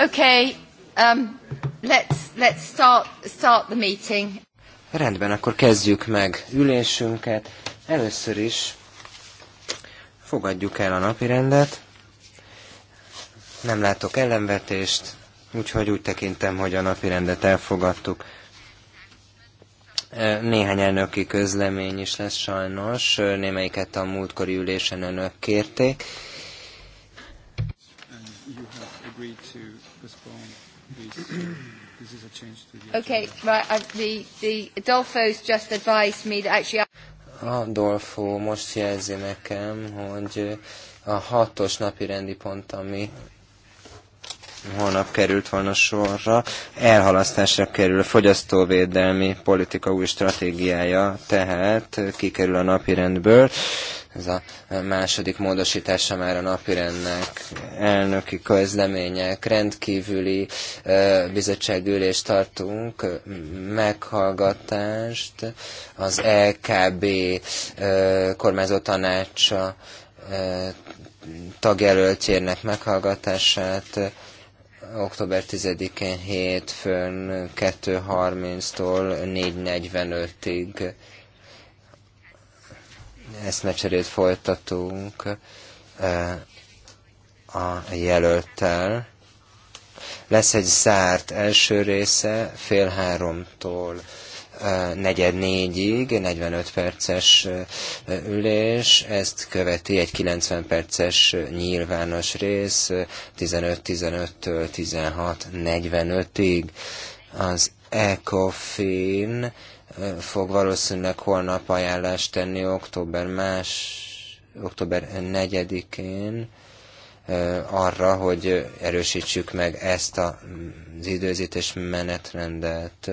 Okay, um, let's, let's start, start the meeting. Rendben, akkor kezdjük meg ülésünket. Először is fogadjuk el a napi rendet. Nem látok ellenvetést, úgyhogy úgy tekintem, hogy a napi rendet elfogadtuk. Néhány elnöki közlemény is lesz sajnos, némelyiket a múltkori ülésen önök kérték postpone this. This is a change to the Okay, right, I, the, the Adolfo's just advised me that actually... Adolfo most jelzi nekem, hogy a hatos napi rendi pont, ami holnap került volna sorra, elhalasztásra kerül a fogyasztóvédelmi politika új stratégiája, tehát kikerül a napirendből. Ez a második módosítása már a napirendnek elnöki közlemények, rendkívüli bizottságülést tartunk, meghallgatást az LKB kormányzó tanácsa tagjelöltjének meghallgatását október 10-én hétfőn 2.30-tól 4.45-ig eszmecserét folytatunk e, a jelöltel. Lesz egy zárt első része fél háromtól e, negyed négyig, 45 perces e, ülés, ezt követi egy 90 perces nyilvános rész 15-15-től 16-45-ig. Az ECOFIN fog valószínűleg holnap ajánlást tenni október más, október 4-én arra, hogy erősítsük meg ezt az időzítés menetrendet.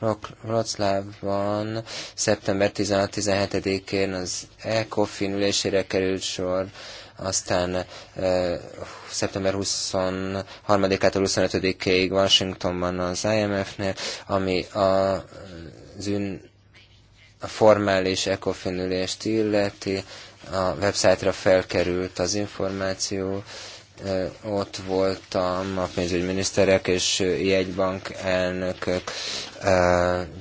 Wroclawban szeptember 16-17-én az ECOFIN ülésére került sor, aztán eh, szeptember 23-ától 25-ig Washingtonban az IMF-nél, ami a, az ün, a formális ECOFIN illeti, a websájtra felkerült az információ, ott voltam a pénzügyminiszterek és jegybank elnökök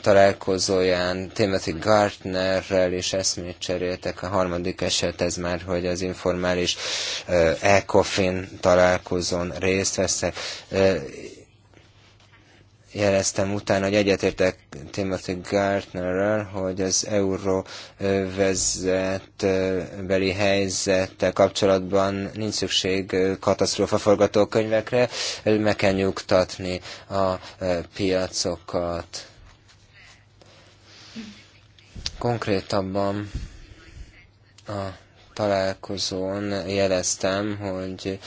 találkozóján Timothy Gartnerrel és eszmét cseréltek. A harmadik eset ez már, hogy az informális ECOFIN találkozón részt veszek jeleztem utána, hogy egyetértek Timothy Gartnerrel, hogy az euró vezetbeli helyzettel kapcsolatban nincs szükség katasztrófa forgatókönyvekre, meg kell nyugtatni a e, piacokat. Konkrétabban a találkozón jeleztem, hogy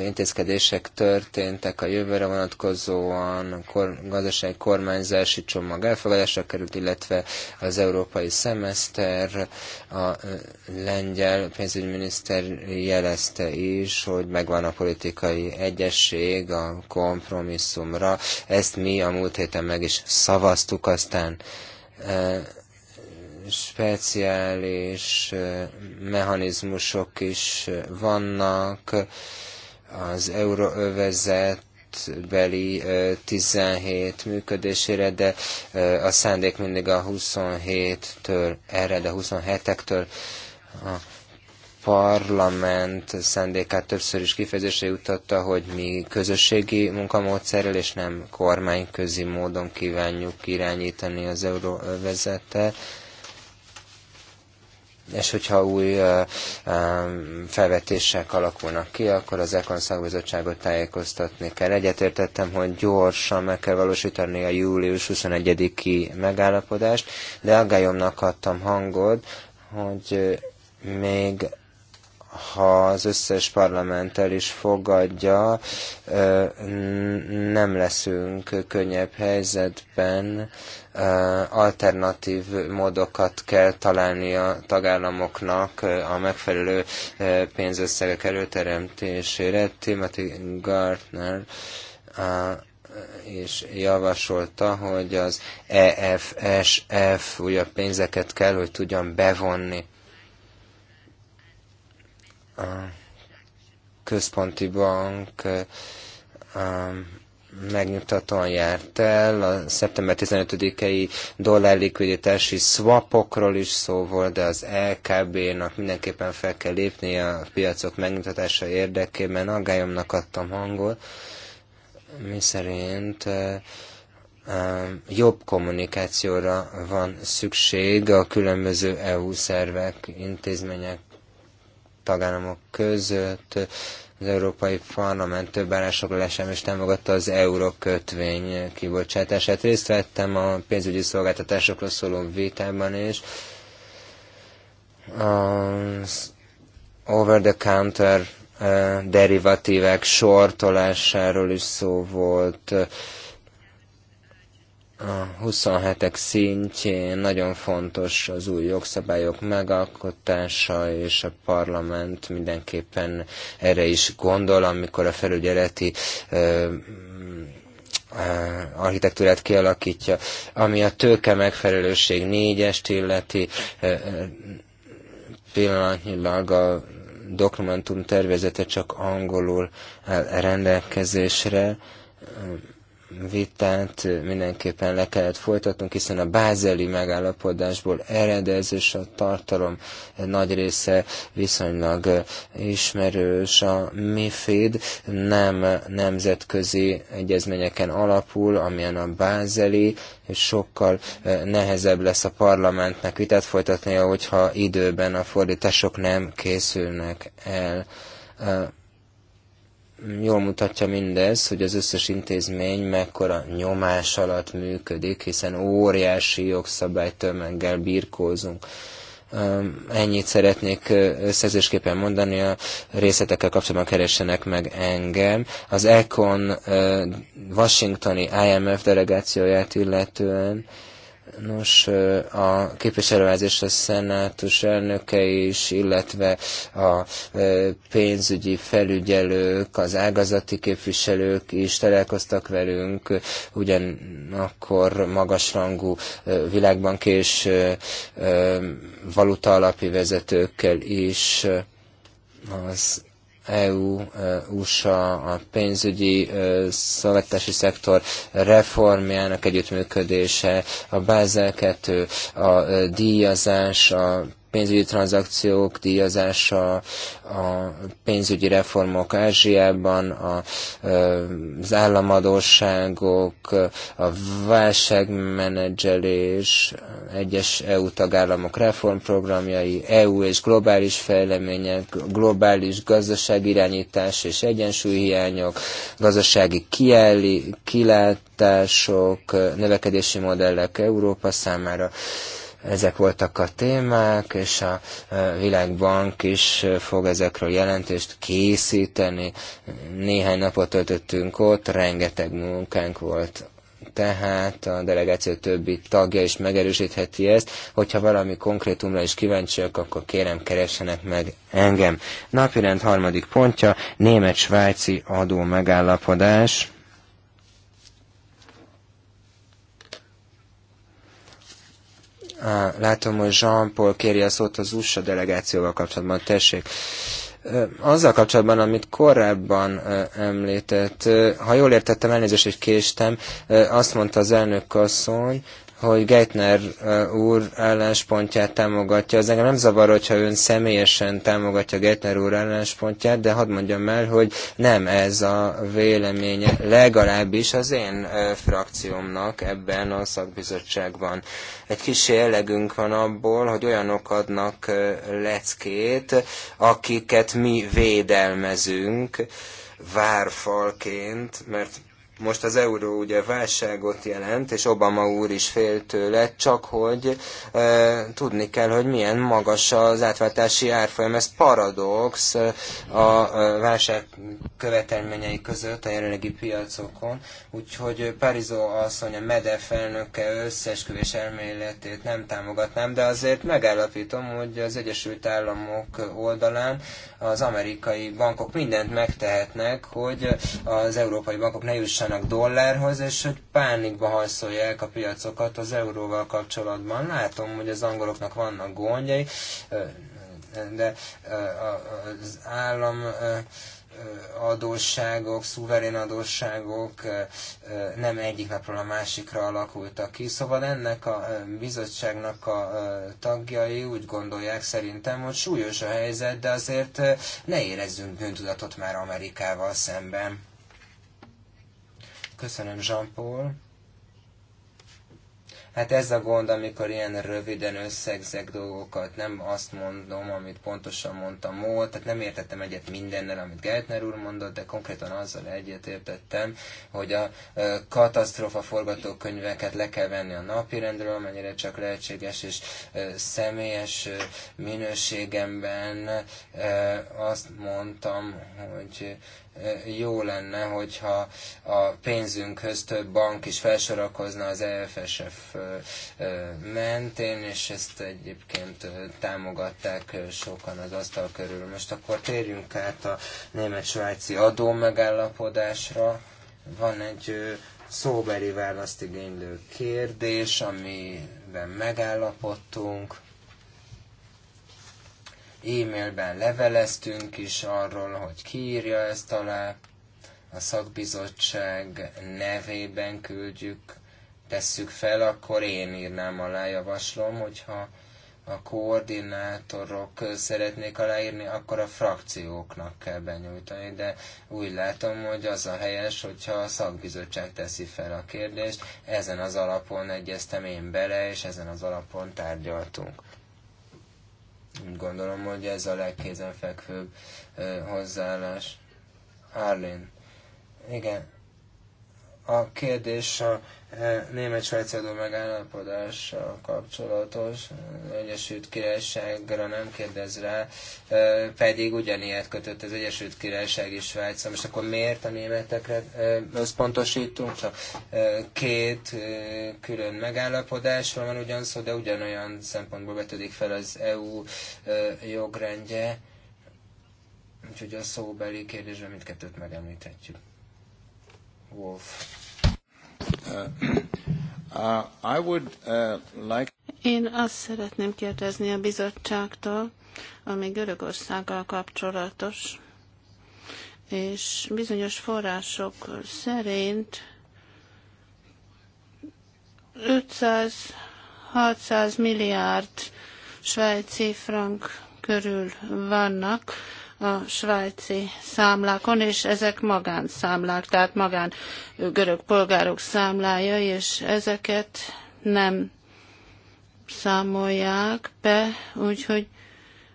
intézkedések történtek a jövőre vonatkozóan, a kor, gazdasági kormányzási csomag elfogadásra került, illetve az európai szemeszter, a lengyel pénzügyminiszter jelezte is, hogy megvan a politikai egyesség a kompromisszumra. Ezt mi a múlt héten meg is szavaztuk, aztán speciális mechanizmusok is vannak, az euróövezet beli 17 működésére, de a szándék mindig a 27-től erre, de 27-ektől a parlament szándékát többször is kifejezésre jutotta, hogy mi közösségi munkamódszerrel és nem kormányközi módon kívánjuk irányítani az euróvezetet és hogyha új felvetések alakulnak ki, akkor az ECON szakbizottságot tájékoztatni kell. Egyetértettem, hogy gyorsan meg kell valósítani a július 21-i megállapodást, de aggályomnak adtam hangod, hogy még ha az összes parlamenttel is fogadja, nem leszünk könnyebb helyzetben, alternatív módokat kell találni a tagállamoknak a megfelelő pénzösszegek előteremtésére. Timothy Gartner és javasolta, hogy az EFSF újabb pénzeket kell, hogy tudjon bevonni a központi bank megnyugtatóan járt el. A szeptember 15-i dollárlikviditási swapokról is szó volt, de az LKB-nak mindenképpen fel kell lépni a piacok megnyugtatása érdekében. Aggályomnak adtam hangot, mi szerint jobb kommunikációra van szükség a különböző EU szervek, intézmények, tagállamok között az Európai Parlament több állásfoglalásán is támogatta az eurókötvény kibocsátását. Részt vettem a pénzügyi szolgáltatásokról szóló vitában is. Az over-the-counter eh, derivatívek sortolásáról is szó volt, a 27-ek szintjén nagyon fontos az új jogszabályok megalkotása, és a parlament mindenképpen erre is gondol, amikor a felügyeleti ö, architektúrát kialakítja, ami a tőke megfelelőség négyest illeti, pillanatnyilag a dokumentum tervezete csak angolul rendelkezésre, vitát mindenképpen le kellett folytatnunk, hiszen a bázeli megállapodásból eredez, és a tartalom nagy része viszonylag ismerős. A MIFID nem nemzetközi egyezményeken alapul, amilyen a bázeli, és sokkal eh, nehezebb lesz a parlamentnek vitát folytatnia, hogyha időben a fordítások nem készülnek el. Eh, jól mutatja mindez, hogy az összes intézmény mekkora nyomás alatt működik, hiszen óriási jogszabálytömeggel birkózunk. Ennyit szeretnék összezésképpen mondani, a részletekkel kapcsolatban keressenek meg engem. Az ECON Washingtoni IMF delegációját illetően Nos, a képviselőházás a szenátus elnöke is, illetve a pénzügyi felügyelők, az ágazati képviselők is találkoztak velünk, ugyanakkor magasrangú világbank és valuta alapi vezetőkkel is az EU, e, USA, a pénzügyi e, szolgáltatási szektor reformjának együttműködése, a Bázel 2, a e, díjazás, a pénzügyi tranzakciók díjazása, a pénzügyi reformok Ázsiában, a, az államadóságok, a válságmenedzselés, egyes EU tagállamok reformprogramjai, EU és globális fejlemények, globális gazdaságirányítás és egyensúlyhiányok, gazdasági kiállí, kilátások, növekedési modellek Európa számára. Ezek voltak a témák, és a e, Világbank is fog ezekről jelentést készíteni. Néhány napot töltöttünk ott, rengeteg munkánk volt tehát a delegáció többi tagja is megerősítheti ezt. Hogyha valami konkrétumra is kíváncsiak, akkor kérem, keressenek meg engem. Napirend harmadik pontja, német-svájci adó megállapodás. Látom, hogy Jean-Paul kéri a szót az USA delegációval kapcsolatban. Tessék. Azzal kapcsolatban, amit korábban említett, ha jól értettem, elnézést, hogy késtem, azt mondta az elnök asszony, hogy Geithner úr álláspontját támogatja. Az engem nem zavar, hogyha ön személyesen támogatja Geithner úr álláspontját, de hadd mondjam el, hogy nem ez a véleménye, legalábbis az én frakciómnak ebben a szakbizottságban. Egy kis jellegünk van abból, hogy olyanok adnak leckét, akiket mi védelmezünk várfalként, mert most az euró ugye válságot jelent, és Obama úr is fél tőle, csak hogy e, tudni kell, hogy milyen magas az átváltási árfolyam. Ez paradox e, a e, válság követelményei között a jelenlegi piacokon. Úgyhogy Parizó asszony, a MEDEF elnöke összesküvés elméletét nem támogatnám, de azért megállapítom, hogy az Egyesült Államok oldalán az amerikai bankok mindent megtehetnek, hogy az európai bankok ne jussanak viszonyítanak dollárhoz, és hogy pánikba hajszolják a piacokat az euróval kapcsolatban. Látom, hogy az angoloknak vannak gondjai, de az állam adósságok, szuverén adósságok nem egyik napról a másikra alakultak ki. Szóval ennek a bizottságnak a tagjai úgy gondolják szerintem, hogy súlyos a helyzet, de azért ne érezzünk bűntudatot már Amerikával szemben. Köszönöm, Jean-Paul. Hát ez a gond, amikor ilyen röviden összegzek dolgokat, nem azt mondom, amit pontosan mondtam volt, tehát nem értettem egyet mindennel, amit Geltner úr mondott, de konkrétan azzal egyet értettem, hogy a katasztrófa forgatókönyveket le kell venni a rendről, amennyire csak lehetséges, és személyes minőségemben azt mondtam, hogy Eh, jó lenne, hogyha a pénzünkhöz több bank is felsorakozna az EFSF eh, eh, mentén, és ezt egyébként támogatták sokan az asztal körül. Most akkor térjünk át a német-svájci adó megállapodásra. Van egy szóbeli választ igénylő kérdés, amiben megállapodtunk e-mailben leveleztünk is arról, hogy kiírja ezt alá, a szakbizottság nevében küldjük, tesszük fel, akkor én írnám alá, javaslom, hogyha a koordinátorok szeretnék aláírni, akkor a frakcióknak kell benyújtani, de úgy látom, hogy az a helyes, hogyha a szakbizottság teszi fel a kérdést, ezen az alapon egyeztem én bele, és ezen az alapon tárgyaltunk. Gondolom, hogy ez a legkézenfekvőbb hozzáállás. Arlén. Igen. A kérdés a E, német-svájci megállapodással kapcsolatos, Egyesült Királyságra nem kérdez rá, e, pedig ugyanilyet kötött az Egyesült Királyság és Svájc. Most akkor miért a németekre e, összpontosítunk? Csak két külön megállapodás van ugyanszó, de ugyanolyan szempontból vetődik fel az EU jogrendje. Úgyhogy a szóbeli kérdésben mindkettőt megemlíthetjük. Wolf. Uh, uh, uh, Én azt szeretném kérdezni a bizottságtól, ami Görögországgal kapcsolatos, és bizonyos források szerint 500-600 milliárd svájci frank körül vannak a svájci számlákon, és ezek magánszámlák, tehát magán görög polgárok számlája, és ezeket nem számolják be, úgyhogy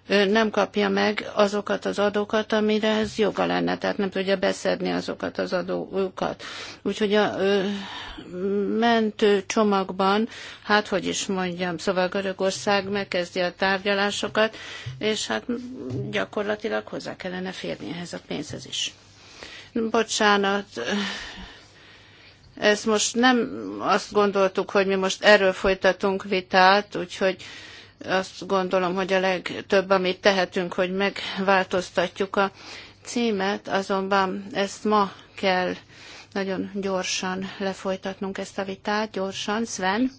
nem kapja meg azokat az adókat, amire ez joga lenne, tehát nem tudja beszedni azokat az adókat. Úgyhogy a mentő csomagban, hát hogy is mondjam, szóval Görögország megkezdi a tárgyalásokat, és hát gyakorlatilag hozzá kellene férni ehhez a pénzhez is. Bocsánat, ezt most nem azt gondoltuk, hogy mi most erről folytatunk vitát, úgyhogy azt gondolom, hogy a legtöbb, amit tehetünk, hogy megváltoztatjuk a címet, azonban ezt ma kell nagyon gyorsan lefolytatnunk ezt a vitát, gyorsan, Sven.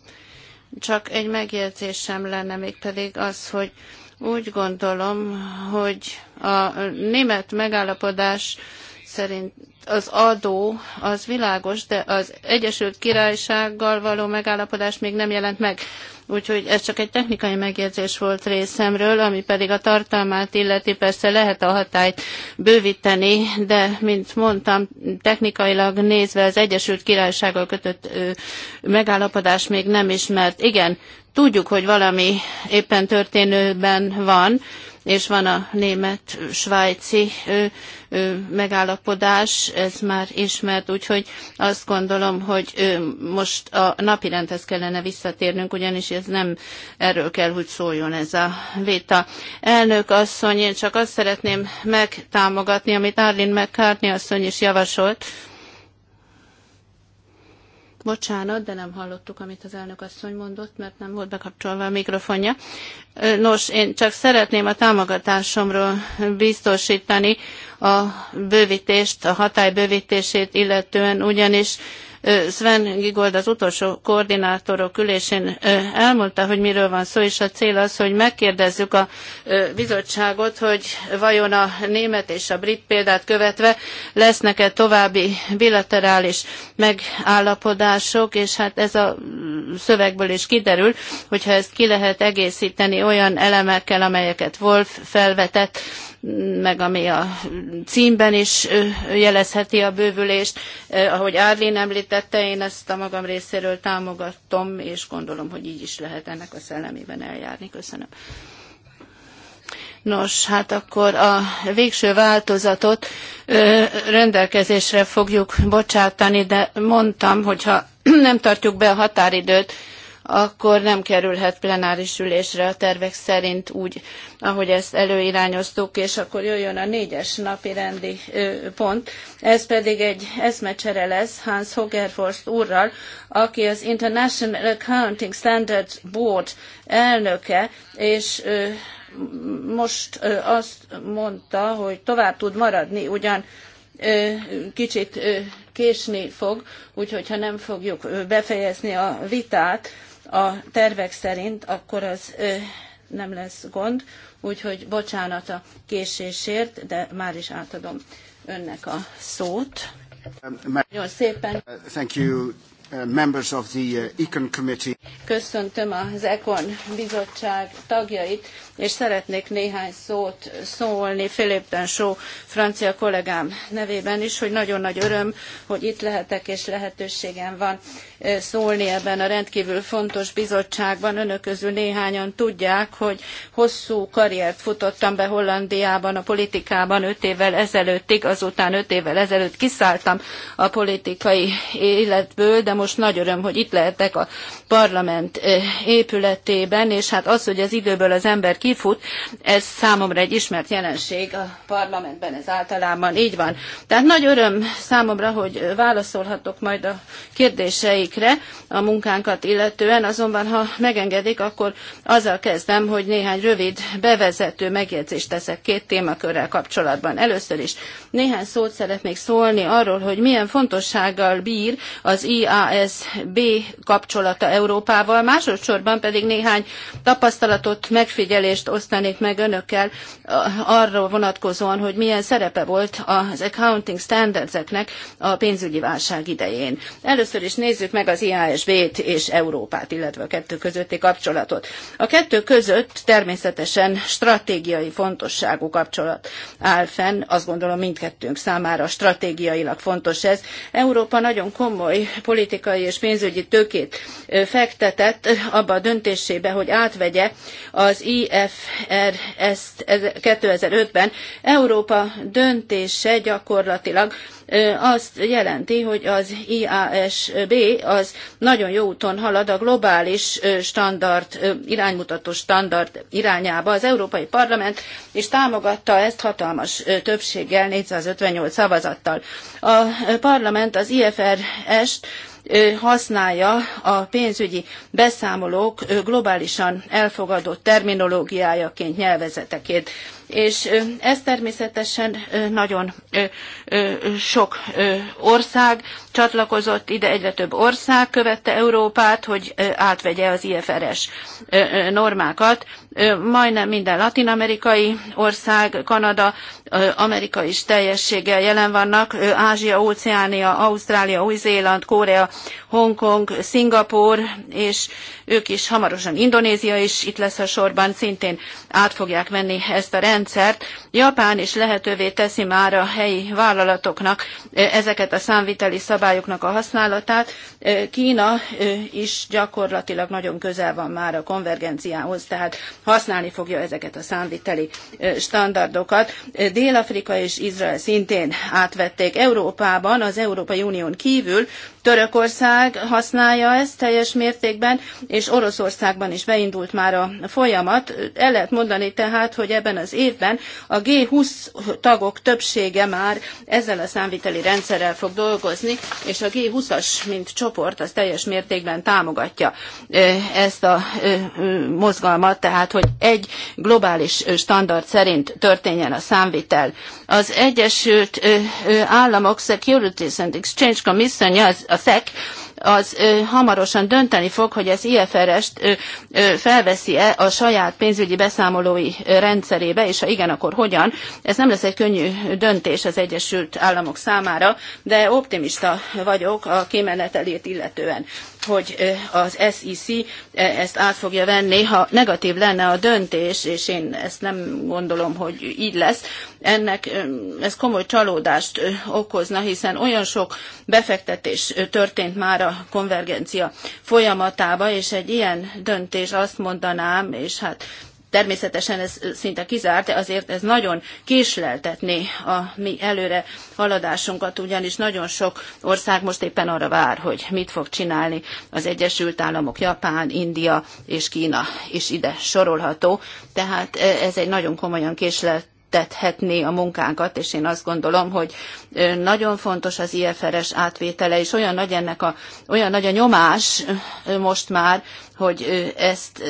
Csak egy megjegyzésem lenne mégpedig az, hogy úgy gondolom, hogy a német megállapodás szerint az adó az világos, de az Egyesült Királysággal való megállapodás még nem jelent meg. Úgyhogy ez csak egy technikai megjegyzés volt részemről, ami pedig a tartalmát illeti, persze lehet a hatályt bővíteni, de mint mondtam, technikailag nézve az Egyesült Királysággal kötött ö, megállapodás még nem ismert. Igen, tudjuk, hogy valami éppen történőben van, és van a német-svájci megállapodás, ez már ismert, úgyhogy azt gondolom, hogy most a napirendhez kellene visszatérnünk, ugyanis ez nem erről kell, hogy szóljon ez a vita. Elnök asszony, én csak azt szeretném megtámogatni, amit Arlene McCartney asszony is javasolt, Bocsánat, de nem hallottuk, amit az elnök asszony mondott, mert nem volt bekapcsolva a mikrofonja. Nos, én csak szeretném a támogatásomról biztosítani a bővítést, a hatály bővítését illetően, ugyanis Sven Gigold az utolsó koordinátorok ülésén elmondta, hogy miről van szó, és a cél az, hogy megkérdezzük a bizottságot, hogy vajon a német és a brit példát követve lesznek-e további bilaterális megállapodások, és hát ez a szövegből is kiderül, hogyha ezt ki lehet egészíteni olyan elemekkel, amelyeket Wolf felvetett, meg ami a címben is jelezheti a bővülést. Ahogy Árlén említette, én ezt a magam részéről támogatom, és gondolom, hogy így is lehet ennek a szellemében eljárni. Köszönöm. Nos, hát akkor a végső változatot rendelkezésre fogjuk bocsátani, de mondtam, hogyha nem tartjuk be a határidőt, akkor nem kerülhet plenáris ülésre a tervek szerint úgy, ahogy ezt előirányoztuk, és akkor jöjjön a négyes napi rendi pont. Ez pedig egy eszmecsere lesz Hans Hogerforst úrral, aki az International Accounting Standards Board elnöke, és most azt mondta, hogy tovább tud maradni, ugyan kicsit késni fog, úgyhogy ha nem fogjuk befejezni a vitát, a tervek szerint, akkor az nem lesz gond. Úgyhogy bocsánat a késésért, de már is átadom önnek a szót. Nagyon szépen. Thank you. Uh, members of the uh, Econ Committee. Köszöntöm az Econ bizottság tagjait és szeretnék néhány szót szólni Philip Densó francia kollégám nevében is, hogy nagyon nagy öröm, hogy itt lehetek és lehetőségem van eh, szólni ebben a rendkívül fontos bizottságban. Önök közül néhányan tudják, hogy hosszú karriert futottam be Hollandiában a politikában öt évvel ezelőttig, azután öt évvel ezelőtt kiszálltam a politikai életből, de most nagy öröm, hogy itt lehetek a parlament eh, épületében, és hát az, hogy az időből az ember ki kifut. Ez számomra egy ismert jelenség a parlamentben, ez általában így van. Tehát nagy öröm számomra, hogy válaszolhatok majd a kérdéseikre a munkánkat illetően, azonban ha megengedik, akkor azzal kezdem, hogy néhány rövid bevezető megjegyzést teszek két témakörrel kapcsolatban. Először is néhány szót szeretnék szólni arról, hogy milyen fontossággal bír az IASB kapcsolata Európával, másodszorban pedig néhány tapasztalatot, megfigyelést jelentést osztanék meg önökkel eh, arról vonatkozóan, hogy milyen szerepe volt az accounting standardseknek a pénzügyi válság idején. Először is nézzük meg az IASB-t és Európát, illetve a kettő közötti kapcsolatot. A kettő között természetesen stratégiai fontosságú kapcsolat áll fenn, azt gondolom mindkettőnk számára stratégiailag fontos ez. Európa nagyon komoly politikai és pénzügyi tőkét eh, fektetett abba a döntésébe, hogy átvegye az IE EFR ezt 2005-ben Európa döntése gyakorlatilag azt jelenti, hogy az IASB az nagyon jó úton halad a globális standard, iránymutató standard irányába. Az Európai Parlament is támogatta ezt hatalmas többséggel, 458 szavazattal. A parlament az IFRS-t használja a pénzügyi beszámolók globálisan elfogadott terminológiájaként, nyelvezeteként és ez természetesen nagyon sok ország csatlakozott, ide egyre több ország követte Európát, hogy átvegye az IFRS normákat. Majdnem minden latinamerikai ország, Kanada, Amerika is teljességgel jelen vannak, Ázsia, Óceánia, Ausztrália, Új-Zéland, Korea, Hongkong, Szingapur és ők is hamarosan Indonézia is itt lesz a sorban, szintén át fogják venni ezt a rendszert. Japán is lehetővé teszi már a helyi vállalatoknak eh, ezeket a számviteli szabályoknak a használatát, Kína is gyakorlatilag nagyon közel van már a konvergenciához, tehát használni fogja ezeket a számviteli standardokat. Dél-Afrika és Izrael szintén átvették. Európában, az Európai Unión kívül Törökország használja ezt teljes mértékben, és Oroszországban is beindult már a folyamat. El lehet mondani tehát, hogy ebben az évben a G20 tagok többsége már ezzel a számviteli rendszerrel fog dolgozni, és a G20-as, mint csoport, csoport az teljes mértékben támogatja ezt a mozgalmat, tehát hogy egy globális standard szerint történjen a számvitel. Az Egyesült Államok Securities and Exchange Commission, a SEC, az hamarosan dönteni fog, hogy az IFRS-t felveszi-e a saját pénzügyi beszámolói rendszerébe, és ha igen, akkor hogyan. Ez nem lesz egy könnyű döntés az Egyesült Államok számára, de optimista vagyok a kimenetelét illetően hogy az SEC ezt át fogja venni, ha negatív lenne a döntés, és én ezt nem gondolom, hogy így lesz. Ennek ez komoly csalódást okozna, hiszen olyan sok befektetés történt már a konvergencia folyamatába, és egy ilyen döntés azt mondanám, és hát Természetesen ez szinte kizárt, de azért ez nagyon késleltetné a mi előre haladásunkat, ugyanis nagyon sok ország most éppen arra vár, hogy mit fog csinálni az Egyesült Államok, Japán, India és Kína is ide sorolható. Tehát eh, ez egy nagyon komolyan késlelt működtethetné a munkánkat, és én azt gondolom, hogy nagyon fontos az IFRS átvétele, és olyan nagy, ennek a, olyan nagy a nyomás most már, hogy ezt,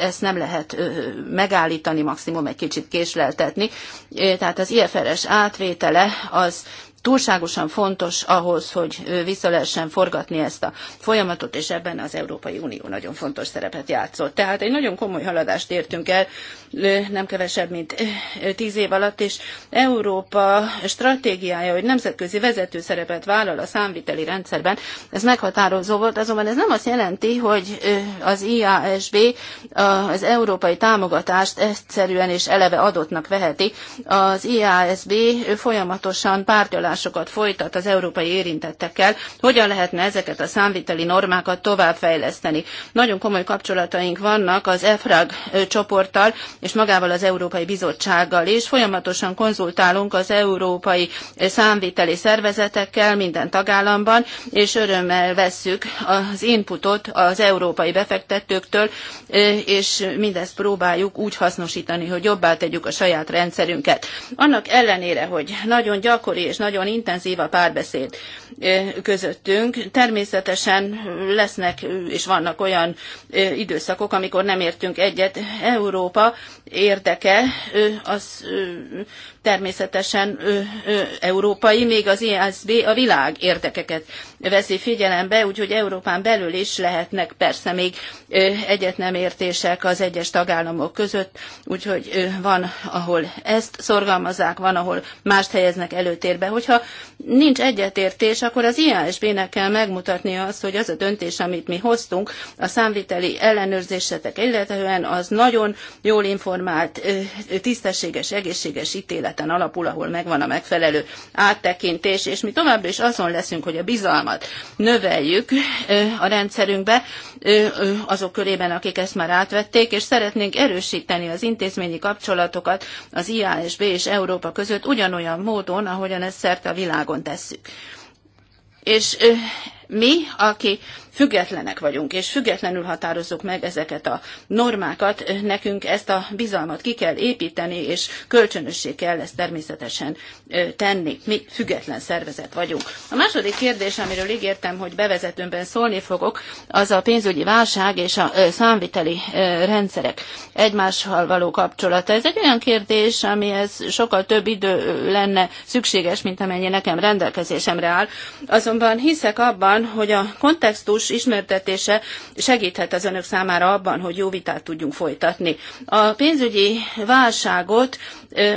ezt nem lehet megállítani, maximum egy kicsit késleltetni. Tehát az IFRS átvétele az túlságosan fontos ahhoz, hogy vissza lehessen forgatni ezt a folyamatot, és ebben az Európai Unió nagyon fontos szerepet játszott. Tehát egy nagyon komoly haladást értünk el, nem kevesebb, mint tíz év alatt, és Európa stratégiája, hogy nemzetközi vezető szerepet vállal a számviteli rendszerben, ez meghatározó volt, azonban ez nem azt jelenti, hogy az IASB az európai támogatást egyszerűen és eleve adottnak veheti. Az IASB folyamatosan pártolás tárgyalásokat folytat az európai érintettekkel, hogyan lehetne ezeket a számviteli normákat továbbfejleszteni. Nagyon komoly kapcsolataink vannak az EFRAG csoporttal és magával az Európai Bizottsággal is. Folyamatosan konzultálunk az európai számviteli szervezetekkel minden tagállamban, és örömmel vesszük az inputot az európai befektetőktől, és mindezt próbáljuk úgy hasznosítani, hogy jobbá tegyük a saját rendszerünket. Annak ellenére, hogy nagyon gyakori és nagyon nagyon intenzív a párbeszéd közöttünk. Természetesen lesznek és vannak olyan időszakok, amikor nem értünk egyet. Európa érdeke az természetesen európai, még az ISB a világ érdekeket veszi figyelembe, úgyhogy Európán belül is lehetnek persze még egyet nem értések az egyes tagállamok között, úgyhogy van, ahol ezt szorgalmazzák, van, ahol mást helyeznek előtérbe. Hogyha hogyha nincs egyetértés, akkor az IASB-nek kell megmutatnia azt, hogy az a döntés, amit mi hoztunk, a számviteli ellenőrzésetek illetően az nagyon jól informált, tisztességes, egészséges ítéleten alapul, ahol megvan a megfelelő áttekintés, és mi továbbra is azon leszünk, hogy a bizalmat növeljük a rendszerünkbe, azok körében, akik ezt már átvették, és szeretnénk erősíteni az intézményi kapcsolatokat az IASB és Európa között ugyanolyan módon, ahogyan ezt szerte a világon tesszük. És mi, aki függetlenek vagyunk, és függetlenül határozzuk meg ezeket a normákat, nekünk ezt a bizalmat ki kell építeni, és kölcsönössé kell ezt természetesen tenni. Mi független szervezet vagyunk. A második kérdés, amiről ígértem, hogy bevezetőmben szólni fogok, az a pénzügyi válság és a számviteli rendszerek egymással való kapcsolata. Ez egy olyan kérdés, amihez sokkal több idő lenne szükséges, mint amennyi nekem rendelkezésemre áll. Azonban hiszek abban, hogy a kontextus konszenzus ismertetése segíthet az önök számára abban, hogy jó vitát tudjunk folytatni. A pénzügyi válságot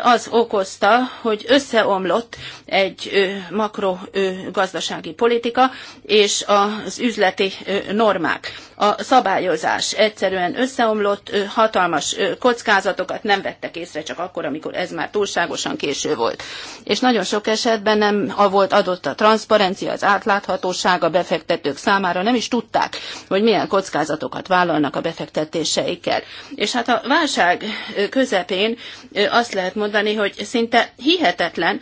az okozta, hogy összeomlott egy makrogazdasági politika és az üzleti normák. A szabályozás egyszerűen összeomlott, hatalmas kockázatokat nem vettek észre csak akkor, amikor ez már túlságosan késő volt. És nagyon sok esetben nem volt adott a transzparencia, az átláthatóság a befektetők számára, nem is is tudták, hogy milyen kockázatokat vállalnak a befektetéseikkel. És hát a válság közepén azt lehet mondani, hogy szinte hihetetlen,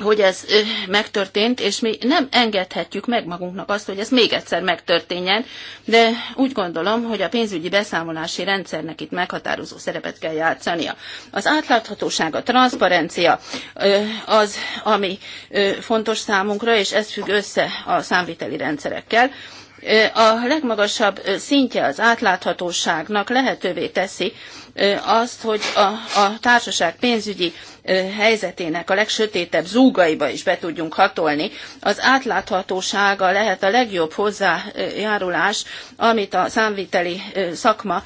hogy ez megtörtént, és mi nem engedhetjük meg magunknak azt, hogy ez még egyszer megtörténjen, de úgy gondolom, hogy a pénzügyi beszámolási rendszernek itt meghatározó szerepet kell játszania. Az átláthatóság, a transzparencia az, ami fontos számunkra, és ez függ össze a számviteli rendszerekkel. A legmagasabb szintje az átláthatóságnak lehetővé teszi azt, hogy a, a társaság pénzügyi helyzetének a legsötétebb zúgaiba is be tudjunk hatolni. Az átláthatósága lehet a legjobb hozzájárulás, amit a számviteli szakma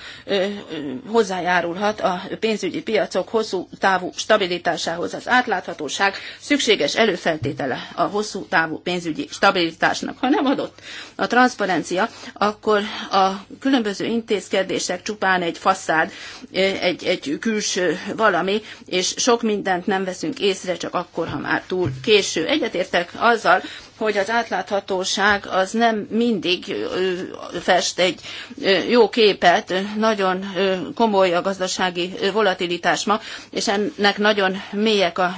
hozzájárulhat a pénzügyi piacok hosszú távú stabilitásához. Az átláthatóság szükséges előfeltétele a hosszú távú pénzügyi stabilitásnak. Ha nem adott a transzparencia, akkor a különböző intézkedések csupán egy faszád, egy, egy külső valami, és sok minden mindent nem veszünk észre, csak akkor, ha már túl késő. Egyetértek azzal, hogy az átláthatóság az nem mindig fest egy jó képet, nagyon komoly a gazdasági volatilitás ma, és ennek nagyon mélyek a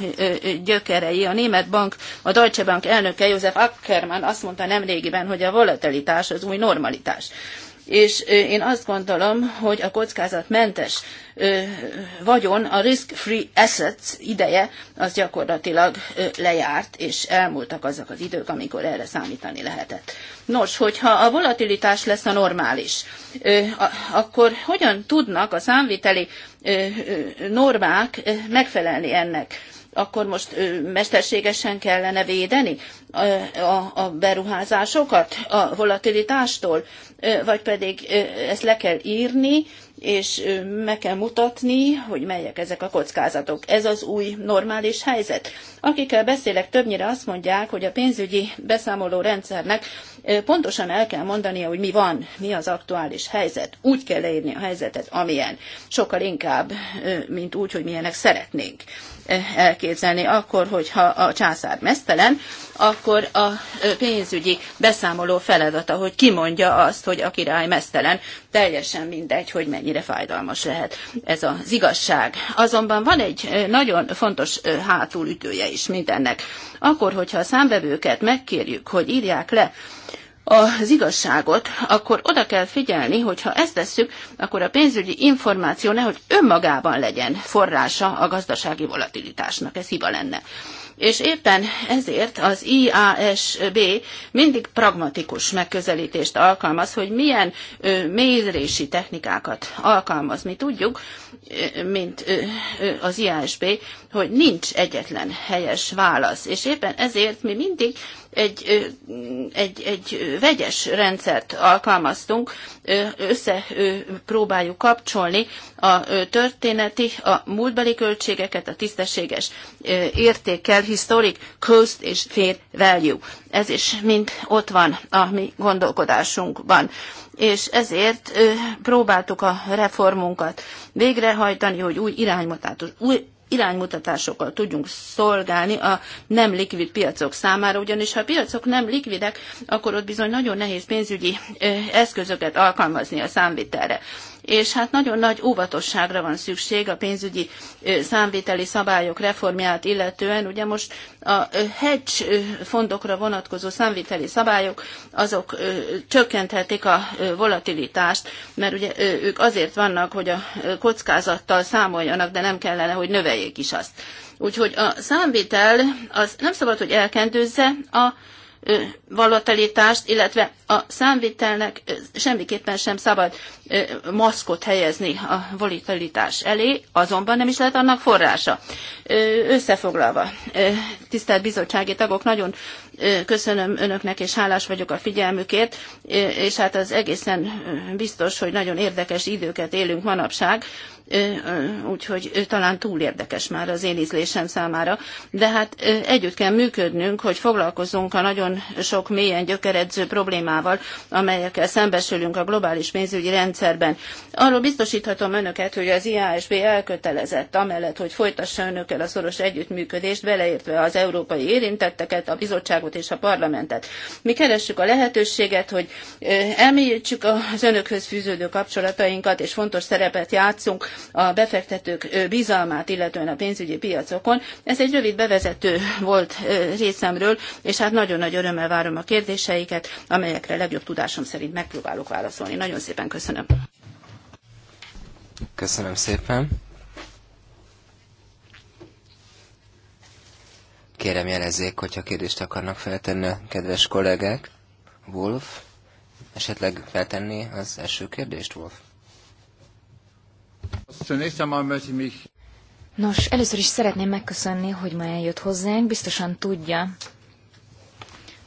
gyökerei. A német bank, a Deutsche Bank elnöke József Ackermann azt mondta nemrégiben, hogy a volatilitás az új normalitás és én azt gondolom, hogy a kockázatmentes vagyon, a risk-free assets ideje, az gyakorlatilag lejárt, és elmúltak azok az idők, amikor erre számítani lehetett. Nos, hogyha a volatilitás lesz a normális, akkor hogyan tudnak a számviteli normák megfelelni ennek? akkor most mesterségesen kellene védeni a, a beruházásokat a volatilitástól, vagy pedig ezt le kell írni, és meg kell mutatni, hogy melyek ezek a kockázatok. Ez az új normális helyzet. Akikkel beszélek, többnyire azt mondják, hogy a pénzügyi beszámoló rendszernek pontosan el kell mondania, hogy mi van, mi az aktuális helyzet. Úgy kell leírni a helyzetet, amilyen. Sokkal inkább, mint úgy, hogy milyenek szeretnénk elképzelni. Akkor, hogyha a császár mesztelen, akkor a pénzügyi beszámoló feladata, hogy kimondja azt, hogy a király mesztelen, teljesen mindegy, hogy mennyire fájdalmas lehet ez az igazság. Azonban van egy nagyon fontos hátulütője is mindennek. Akkor, hogyha a számbevőket megkérjük, hogy írják le az igazságot, akkor oda kell figyelni, hogy ha ezt tesszük, akkor a pénzügyi információ nehogy önmagában legyen forrása a gazdasági volatilitásnak. Ez hiba lenne. És éppen ezért az IASB mindig pragmatikus megközelítést alkalmaz, hogy milyen mérési technikákat alkalmaz. Mi tudjuk, mint az IASB, hogy nincs egyetlen helyes válasz. És éppen ezért mi mindig egy, egy, egy vegyes rendszert alkalmaztunk, összepróbáljuk kapcsolni a történeti, a múltbeli költségeket a tisztességes értékkel, historic cost és fair value. Ez is mind ott van a mi gondolkodásunkban és ezért próbáltuk a reformunkat végrehajtani, hogy új iránymutatásos, új iránymutatásokkal tudjunk szolgálni a nem likvid piacok számára, ugyanis ha a piacok nem likvidek, akkor ott bizony nagyon nehéz pénzügyi eszközöket alkalmazni a számvitelre és hát nagyon nagy óvatosságra van szükség a pénzügyi számviteli szabályok reformját illetően. Ugye most a hedge fondokra vonatkozó számviteli szabályok azok csökkenthetik a volatilitást, mert ugye ők azért vannak, hogy a kockázattal számoljanak, de nem kellene, hogy növeljék is azt. Úgyhogy a számvitel az nem szabad, hogy elkendőzze a volatilitást, illetve a számvitelnek semmiképpen sem szabad maszkot helyezni a volatilitás elé, azonban nem is lehet annak forrása. Összefoglalva, tisztelt bizottsági tagok, nagyon köszönöm önöknek, és hálás vagyok a figyelmükért, és hát az egészen biztos, hogy nagyon érdekes időket élünk manapság, úgyhogy talán túl érdekes már az én ízlésem számára, de hát együtt kell működnünk, hogy foglalkozzunk a nagyon sok mélyen gyökeredző problémával, amelyekkel szembesülünk a globális pénzügyi rendszerben. Arról biztosíthatom önöket, hogy az IASB elkötelezett amellett, hogy folytassa önökkel a szoros együttműködést, beleértve az európai érintetteket, a bizottságot és a parlamentet. Mi keressük a lehetőséget, hogy elmélyítsük az önökhöz fűződő kapcsolatainkat, és fontos szerepet játszunk a befektetők bizalmát, illetően a pénzügyi piacokon. Ez egy rövid bevezető volt részemről, és hát nagyon nagy örömmel várom a kérdéseiket, amelyekre legjobb tudásom szerint megpróbálok válaszolni. Nagyon szépen köszönöm. Köszönöm szépen. Kérem jelezzék, hogyha kérdést akarnak feltenni a kedves kollégák. Wolf, esetleg feltenni az első kérdést, Wolf? Nos, először is szeretném megköszönni, hogy ma eljött hozzánk. Biztosan tudja,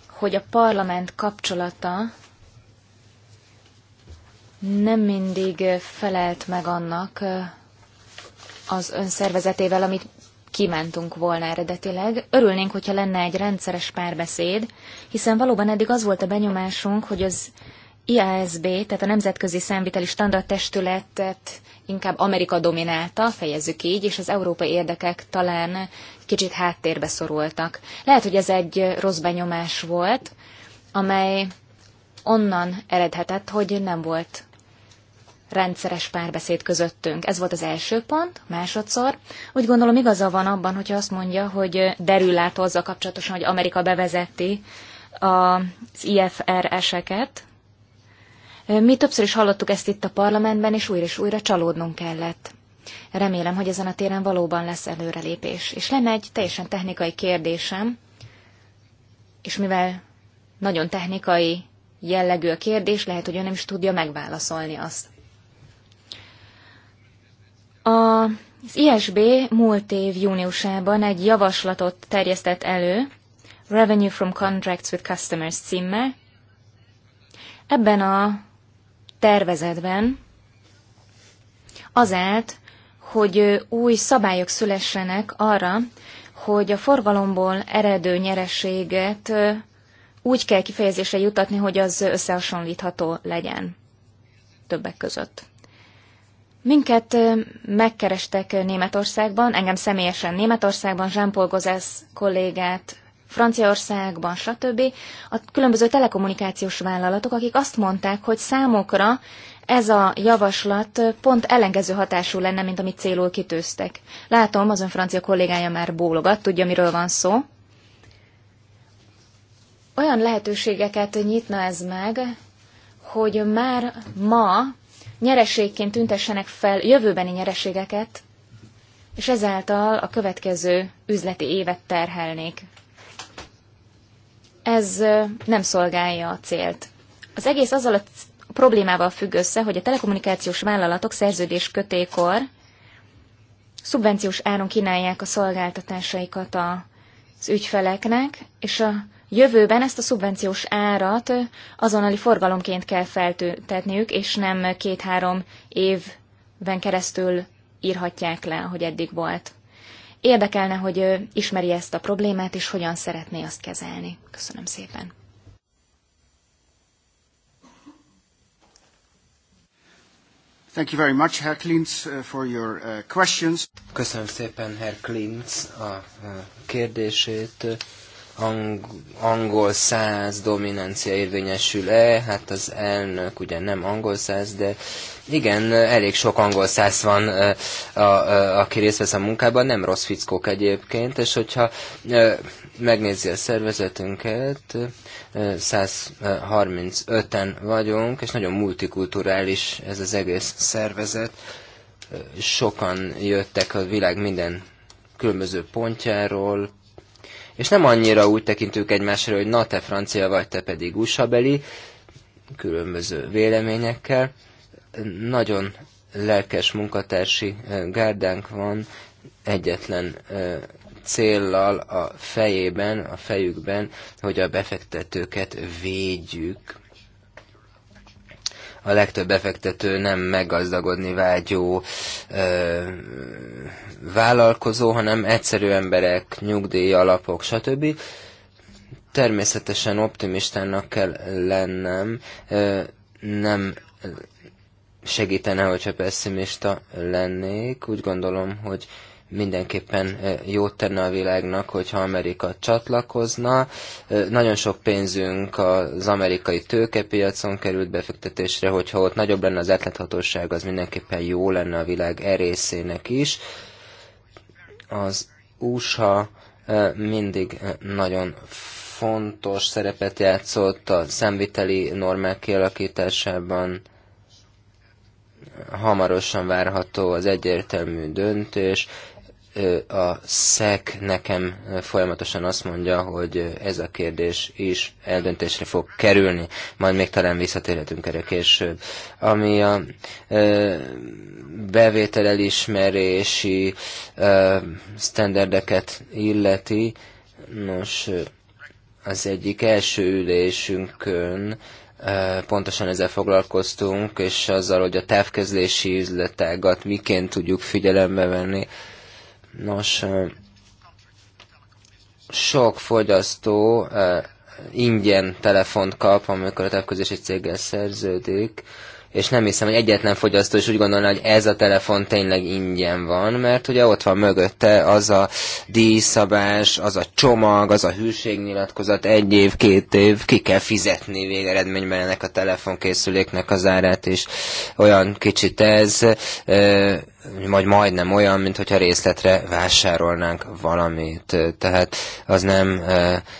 hogy a parlament kapcsolata nem mindig felelt meg annak eh, az önszervezetével, amit kimentünk volna eredetileg. Örülnénk, hogyha lenne egy rendszeres párbeszéd, hiszen valóban eddig az volt a benyomásunk, hogy az IASB, tehát a Nemzetközi Számviteli Standardtestületet inkább Amerika dominálta, fejezzük így, és az európai érdekek talán kicsit háttérbe szorultak. Lehet, hogy ez egy rossz benyomás volt, amely onnan eredhetett, hogy nem volt rendszeres párbeszéd közöttünk. Ez volt az első pont, másodszor. Úgy gondolom igaza van abban, hogyha azt mondja, hogy derül át azzal kapcsolatosan, hogy Amerika bevezeti az IFRS-eket, mi többször is hallottuk ezt itt a parlamentben, és újra és újra csalódnunk kellett. Remélem, hogy ezen a téren valóban lesz előrelépés. És lenne egy teljesen technikai kérdésem, és mivel nagyon technikai jellegű a kérdés, lehet, hogy ő nem is tudja megválaszolni azt. A, az ISB múlt év júniusában egy javaslatot terjesztett elő, Revenue from Contracts with Customers címmel. Ebben a tervezetben azáltal, hogy új szabályok szülessenek arra, hogy a forgalomból eredő nyereséget úgy kell kifejezésre jutatni, hogy az összehasonlítható legyen többek között. Minket megkerestek Németországban, engem személyesen Németországban, Jean-Paul Gozes kollégát Franciaországban, stb. A különböző telekommunikációs vállalatok, akik azt mondták, hogy számokra ez a javaslat pont ellenkező hatású lenne, mint amit célul kitűztek. Látom, azon francia kollégája már bólogat, tudja, miről van szó. Olyan lehetőségeket nyitna ez meg, hogy már ma nyereségként tüntessenek fel jövőbeni nyereségeket, és ezáltal a következő üzleti évet terhelnék ez nem szolgálja a célt. Az egész azzal a problémával függ össze, hogy a telekommunikációs vállalatok szerződés kötékor szubvenciós áron kínálják a szolgáltatásaikat az ügyfeleknek, és a jövőben ezt a szubvenciós árat azonnali forgalomként kell feltüntetniük, és nem két-három évben keresztül írhatják le, ahogy eddig volt. Érdekelne, hogy ismeri ezt a problémát, és hogyan szeretné azt kezelni. Köszönöm szépen. Thank you very much, Herr Klintz, uh, for your uh, questions. Köszönöm szépen, Herr Klintz, a uh, kérdését ang angol száz dominancia érvényesül-e? Hát az elnök ugye nem angol száz, de igen, elég sok angol száz van, a, a, a, aki részt vesz a munkában, nem rossz fickók egyébként, és hogyha megnézi a szervezetünket, 135-en vagyunk, és nagyon multikulturális ez az egész szervezet. Sokan jöttek a világ minden különböző pontjáról, és nem annyira úgy tekintünk egymásra, hogy na te francia vagy, te pedig USA beli, különböző véleményekkel. Nagyon lelkes munkatársi gárdánk van, egyetlen céllal a fejében, a fejükben, hogy a befektetőket védjük. A legtöbb befektető nem meggazdagodni vágyó ö, vállalkozó, hanem egyszerű emberek, nyugdíj alapok, stb. Természetesen optimistának kell lennem, nem segítene, hogyha pessimista lennék. Úgy gondolom, hogy mindenképpen jót tenne a világnak, hogyha Amerika csatlakozna. Nagyon sok pénzünk az amerikai tőkepiacon került befektetésre, hogyha ott nagyobb lenne az átláthatóság, az mindenképpen jó lenne a világ erészének is. Az USA mindig nagyon fontos szerepet játszott a szemviteli normák kialakításában. Hamarosan várható az egyértelmű döntés, a SZEK nekem folyamatosan azt mondja, hogy ez a kérdés is eldöntésre fog kerülni, majd még talán visszatérhetünk erre később. Ami a bevétel elismerési standardeket illeti, nos, az egyik első ülésünkön pontosan ezzel foglalkoztunk, és azzal, hogy a távkezlési üzletágat miként tudjuk figyelembe venni, Nos, sok fogyasztó ingyen telefont kap, amikor a távközlési céggel szerződik, és nem hiszem, hogy egyetlen fogyasztó is úgy gondolná, hogy ez a telefon tényleg ingyen van, mert ugye ott van mögötte az a díjszabás, az a csomag, az a hűségnyilatkozat, egy év, két év, ki kell fizetni végeredményben ennek a telefonkészüléknek az árát, és olyan kicsit ez, vagy majdnem olyan, mint hogyha részletre vásárolnánk valamit. Tehát az nem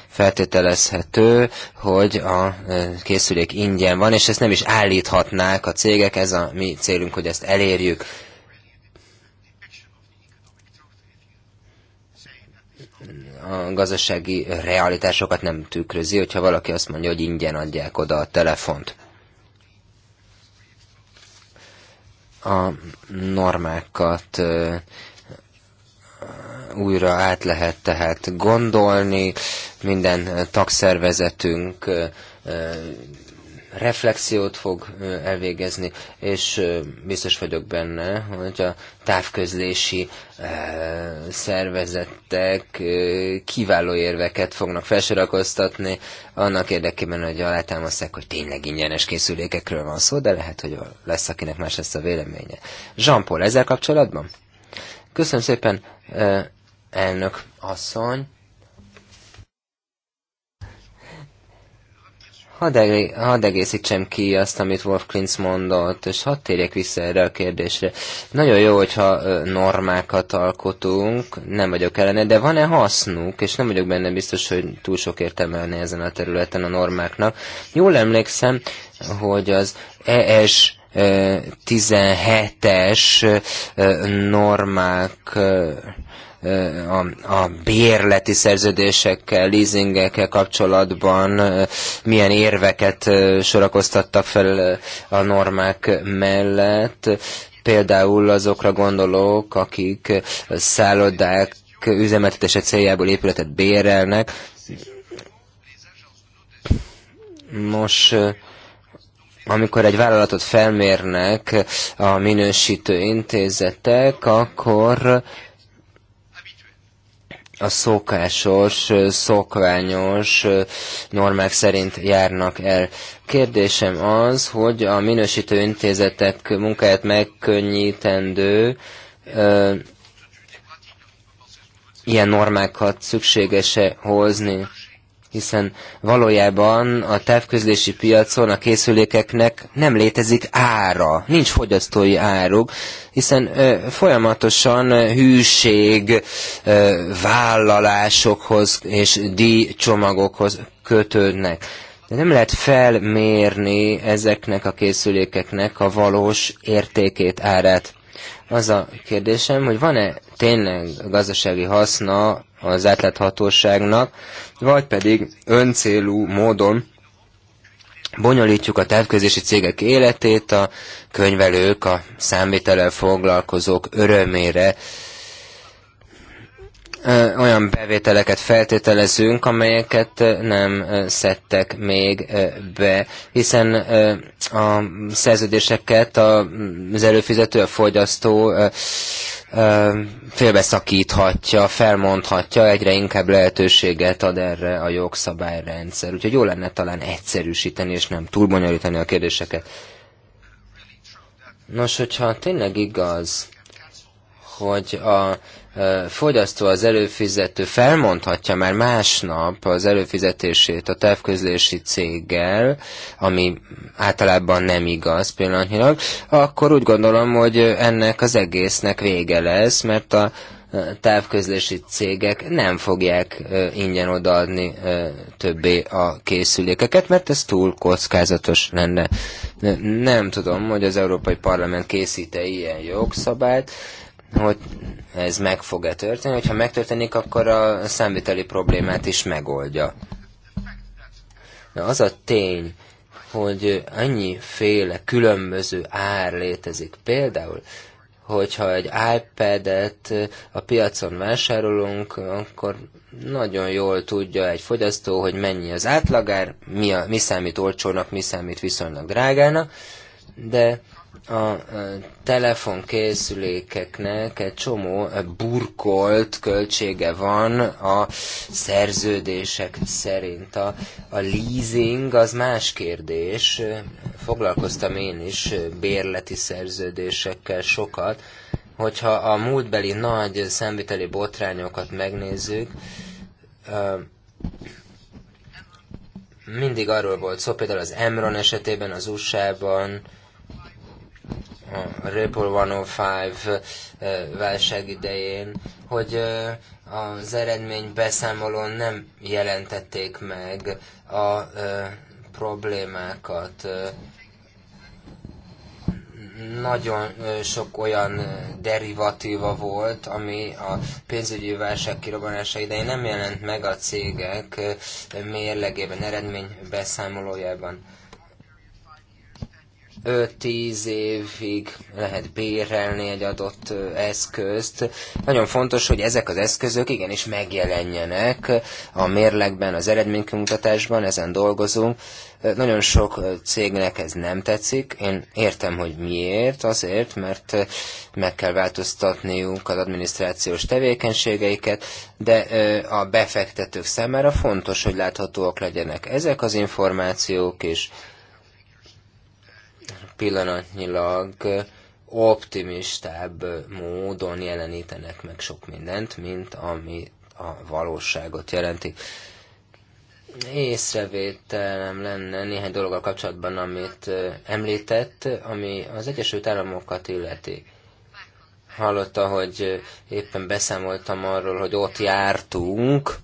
feltételezhető, hogy a készülék ingyen van, és ezt nem is állíthatnák a cégek, ez a mi célunk, hogy ezt elérjük. a gazdasági realitásokat nem tükrözi, hogyha valaki azt mondja, hogy ingyen adják oda a telefont. a normákat újra át lehet tehát gondolni, minden tagszervezetünk reflexiót fog elvégezni, és biztos vagyok benne, hogy a távközlési szervezetek kiváló érveket fognak felsorakoztatni, annak érdekében, hogy alátámasztják, hogy tényleg ingyenes készülékekről van szó, de lehet, hogy lesz, akinek más lesz a véleménye. Jean-Paul, ezzel kapcsolatban? Köszönöm szépen, elnök asszony. Hadd, egészítsem ki azt, amit Wolf Klintz mondott, és hadd térjek vissza erre a kérdésre. Nagyon jó, hogyha normákat alkotunk, nem vagyok ellene, de van-e hasznuk, és nem vagyok benne biztos, hogy túl sok értelme ezen a területen a normáknak. Jól emlékszem, hogy az e ES 17-es normák a, a bérleti szerződésekkel, leasingekkel kapcsolatban milyen érveket sorakoztattak fel a normák mellett. Például azokra gondolok, akik szállodák üzemeltetése céljából épületet bérelnek. Most amikor egy vállalatot felmérnek a minősítő intézetek, akkor a szokásos, szokványos normák szerint járnak el. Kérdésem az, hogy a minősítő intézetek munkáját megkönnyítendő ö, ilyen normákat szükséges-e hozni? hiszen valójában a távközlési piacon a készülékeknek nem létezik ára, nincs fogyasztói áruk, hiszen ö, folyamatosan hűség ö, vállalásokhoz és díjcsomagokhoz kötődnek. De nem lehet felmérni ezeknek a készülékeknek a valós értékét, árát. Az a kérdésem, hogy van-e tényleg gazdasági haszna az átláthatóságnak, vagy pedig öncélú módon bonyolítjuk a távközési cégek életét, a könyvelők, a számvitelel foglalkozók örömére olyan bevételeket feltételezünk, amelyeket nem szedtek még be, hiszen a szerződéseket az előfizető, a fogyasztó félbeszakíthatja, felmondhatja, egyre inkább lehetőséget ad erre a jogszabályrendszer. Úgyhogy jó lenne talán egyszerűsíteni és nem túlbonyolítani a kérdéseket. Nos, hogyha tényleg igaz, hogy a fogyasztó, az előfizető felmondhatja már másnap az előfizetését a távközlési céggel, ami általában nem igaz pillanatnyilag, akkor úgy gondolom, hogy ennek az egésznek vége lesz, mert a távközlési cégek nem fogják ingyen odaadni többé a készülékeket, mert ez túl kockázatos lenne. Nem tudom, hogy az Európai Parlament készíte ilyen jogszabályt, hogy ez meg fog-e történni, hogyha megtörténik, akkor a számviteli problémát is megoldja. Na, az a tény, hogy annyi féle különböző ár létezik. Például, hogyha egy iPad-et a piacon vásárolunk, akkor nagyon jól tudja egy fogyasztó, hogy mennyi az átlagár, mi, a, mi számít olcsónak, mi számít viszonylag drágának, de a telefonkészülékeknek egy csomó burkolt költsége van a szerződések szerint. A, a leasing az más kérdés. Foglalkoztam én is bérleti szerződésekkel sokat. Hogyha a múltbeli nagy szemviteli botrányokat megnézzük, mindig arról volt szó, például az Emron esetében, az USA-ban, a Ripple 105 válság idején, hogy az eredmény beszámolón nem jelentették meg a problémákat. Nagyon sok olyan derivatíva volt, ami a pénzügyi válság kirobanása idején nem jelent meg a cégek mérlegében, eredmény beszámolójában 5-10 évig lehet bérelni egy adott eszközt. Nagyon fontos, hogy ezek az eszközök igenis megjelenjenek a mérlegben, az eredménykimutatásban, ezen dolgozunk. Nagyon sok cégnek ez nem tetszik. Én értem, hogy miért. Azért, mert meg kell változtatniuk az adminisztrációs tevékenységeiket, de a befektetők számára fontos, hogy láthatóak legyenek ezek az információk, és pillanatnyilag optimistább módon jelenítenek meg sok mindent, mint ami a valóságot jelenti. Észrevételem lenne néhány dologgal kapcsolatban, amit említett, ami az Egyesült Államokat illeti. Hallotta, hogy éppen beszámoltam arról, hogy ott jártunk.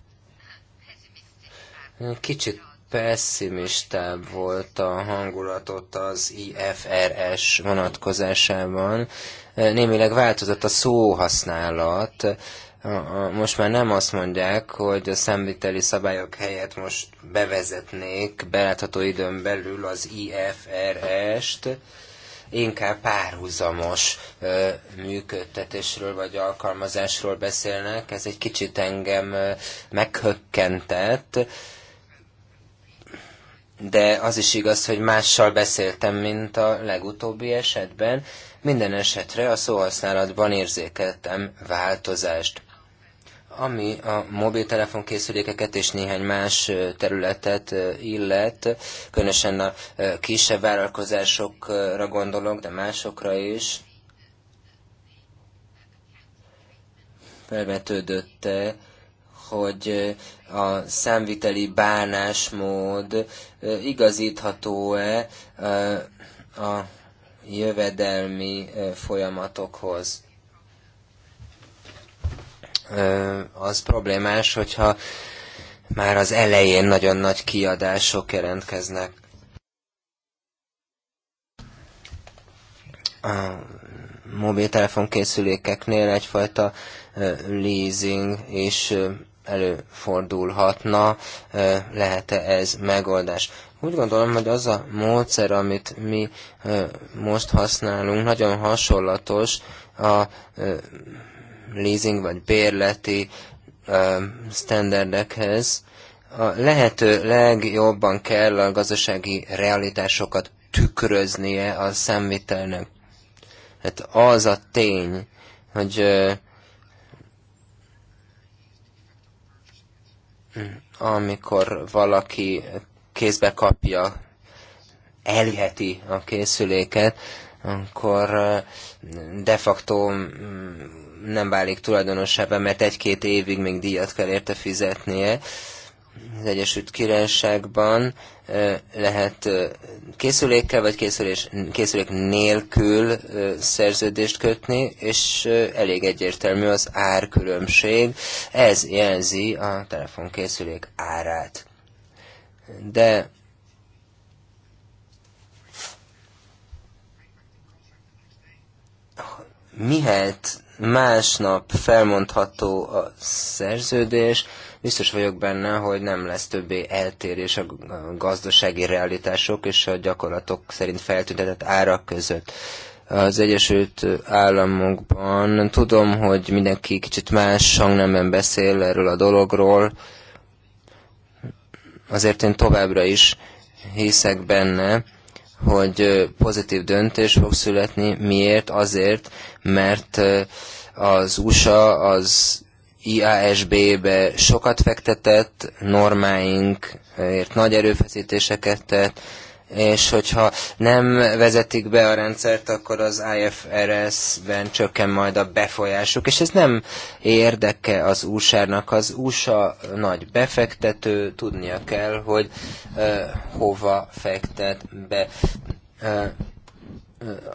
Kicsit pessimistább volt a hangulatot az IFRS vonatkozásában. Némileg változott a szóhasználat. Most már nem azt mondják, hogy a számviteli szabályok helyett most bevezetnék belátható időn belül az IFRS-t, inkább párhuzamos ö, működtetésről vagy alkalmazásról beszélnek. Ez egy kicsit engem ö, meghökkentett. Ö, de az is igaz, hogy mással beszéltem, mint a legutóbbi esetben. Minden esetre a szóhasználatban érzékeltem változást. Ami a mobiltelefon készülékeket és néhány más területet illet, különösen a kisebb vállalkozásokra gondolok, de másokra is, felvetődött-e hogy a számviteli bánásmód igazítható-e a jövedelmi folyamatokhoz. Az problémás, hogyha már az elején nagyon nagy kiadások jelentkeznek. A mobiltelefon készülékeknél egyfajta leasing és előfordulhatna, lehet-e ez megoldás. Úgy gondolom, hogy az a módszer, amit mi most használunk, nagyon hasonlatos a leasing vagy bérleti standardekhez. A lehető legjobban kell a gazdasági realitásokat tükröznie a számvitelnek. Hát az a tény, hogy amikor valaki kézbe kapja, elheti a készüléket, akkor de facto mm, nem válik tulajdonosába, mert egy-két évig még díjat kell érte fizetnie, az Egyesült Királyságban lehet készülékkel vagy készülés, készülék nélkül szerződést kötni, és elég egyértelmű az árkülönbség. Ez jelzi a telefonkészülék árát. De mihet másnap felmondható a szerződés, Biztos vagyok benne, hogy nem lesz többé eltérés a gazdasági realitások és a gyakorlatok szerint feltüntetett árak között az Egyesült Államokban. Tudom, hogy mindenki kicsit más hangnemben beszél erről a dologról, azért én továbbra is hiszek benne, hogy pozitív döntés fog születni. Miért? Azért, mert az USA az IASB-be sokat fektetett, normáinkért nagy erőfeszítéseket tett, és hogyha nem vezetik be a rendszert, akkor az IFRS-ben csökken majd a befolyásuk, és ez nem érdeke az USA-nak. Az USA nagy befektető, tudnia kell, hogy uh, hova fektet be. Uh,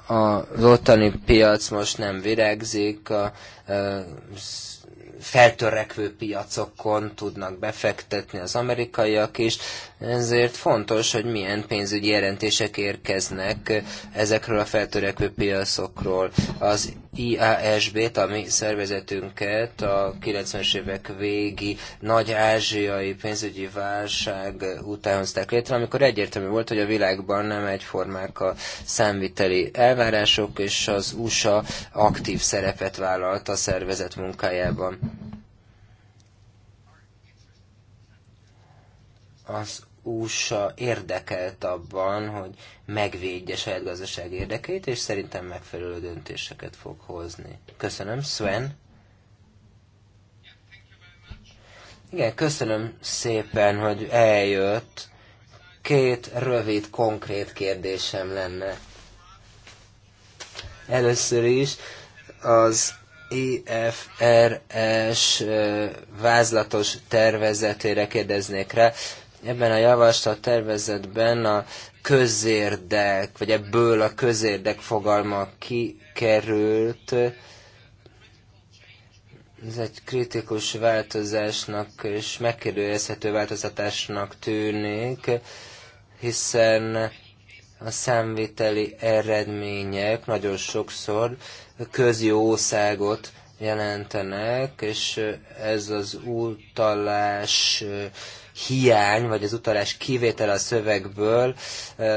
az ottani piac most nem virágzik, a, az feltörekvő piacokon tudnak befektetni az amerikaiak is, ezért fontos, hogy milyen pénzügyi jelentések érkeznek ezekről a feltörekvő piacokról. Az IASB-t, a mi szervezetünket a 90-es évek végi nagy ázsiai pénzügyi válság után hozták létre, amikor egyértelmű volt, hogy a világban nem egyformák a számviteli elvárások, és az USA aktív szerepet vállalt a szervezet munkájában. Az USA érdekelt abban, hogy megvédje saját gazdaság érdekeit, és szerintem megfelelő döntéseket fog hozni. Köszönöm, Sven. Igen, köszönöm szépen, hogy eljött. Két rövid, konkrét kérdésem lenne. Először is az IFRS e vázlatos tervezetére kérdeznék rá. Ebben a javaslat tervezetben a közérdek, vagy ebből a közérdek fogalma kikerült. Ez egy kritikus változásnak és megkérdőjelezhető változatásnak tűnik, hiszen a számviteli eredmények nagyon sokszor közjószágot jelentenek, és ez az utalás hiány, vagy az utalás kivétel a szövegből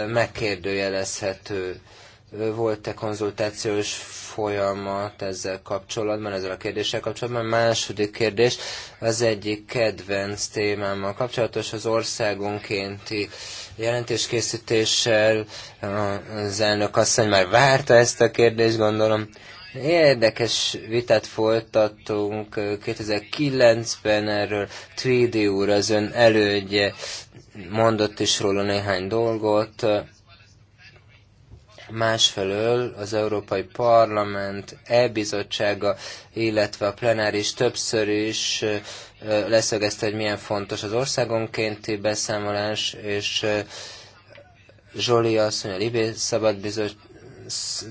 megkérdőjelezhető. Volt-e konzultációs folyamat ezzel kapcsolatban, ezzel a kérdéssel kapcsolatban? Második kérdés, az egyik kedvenc témámmal kapcsolatos az országonkénti jelentéskészítéssel. Az elnök asszony már várta ezt a kérdést, gondolom. Érdekes vitát folytattunk 2009-ben erről Tweedy úr, az ön elődje mondott is róla néhány dolgot. Másfelől az Európai Parlament e-bizottsága, illetve a plenáris többször is leszögezte, hogy milyen fontos az országonkénti beszámolás, és Zsoli asszony, a Libé Szabadbizottság,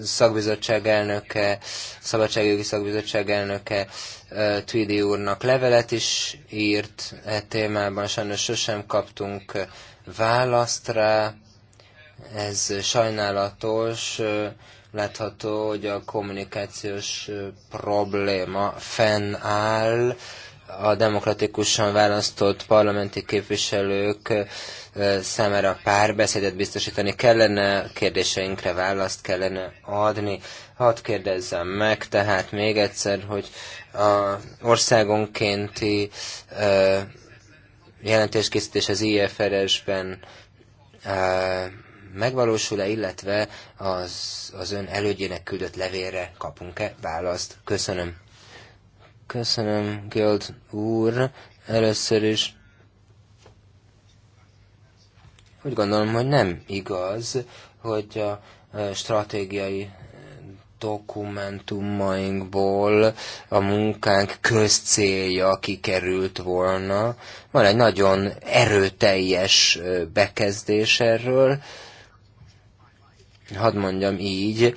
szakbizottság elnöke, szabadságjogi szakbizottság elnöke Tüdi úrnak levelet is írt e témában, sajnos sosem kaptunk választ rá, ez sajnálatos, látható, hogy a kommunikációs probléma fennáll, a demokratikusan választott parlamenti képviselők számára párbeszédet biztosítani kellene, kérdéseinkre választ kellene adni. Hadd kérdezzem meg tehát még egyszer, hogy a országonkénti jelentéskészítés az IFRS-ben megvalósul-e, illetve az, az ön elődjének küldött levélre kapunk-e választ? Köszönöm. Köszönöm, Gild úr. Először is úgy gondolom, hogy nem igaz, hogy a e, stratégiai dokumentumainkból a munkánk közcélja kikerült volna. Van egy nagyon erőteljes e, bekezdés erről, hadd mondjam így,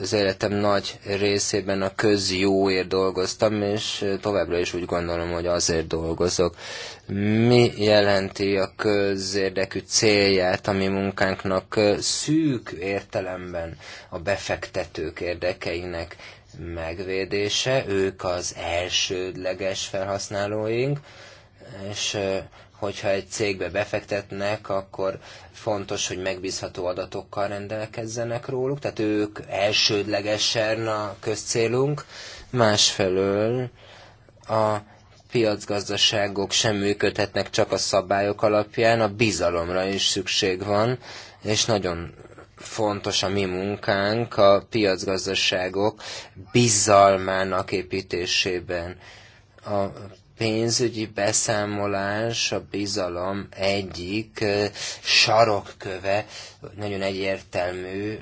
az életem nagy részében a közjóért dolgoztam, és továbbra is úgy gondolom, hogy azért dolgozok. Mi jelenti a közérdekű célját a mi munkánknak szűk értelemben a befektetők érdekeinek megvédése, ők az elsődleges felhasználóink, és hogyha egy cégbe befektetnek, akkor fontos, hogy megbízható adatokkal rendelkezzenek róluk, tehát ők elsődlegesen a közcélunk, másfelől a piacgazdaságok sem működhetnek csak a szabályok alapján, a bizalomra is szükség van, és nagyon fontos a mi munkánk a piacgazdaságok bizalmának építésében. A pénzügyi beszámolás a bizalom egyik sarokköve, nagyon egyértelmű,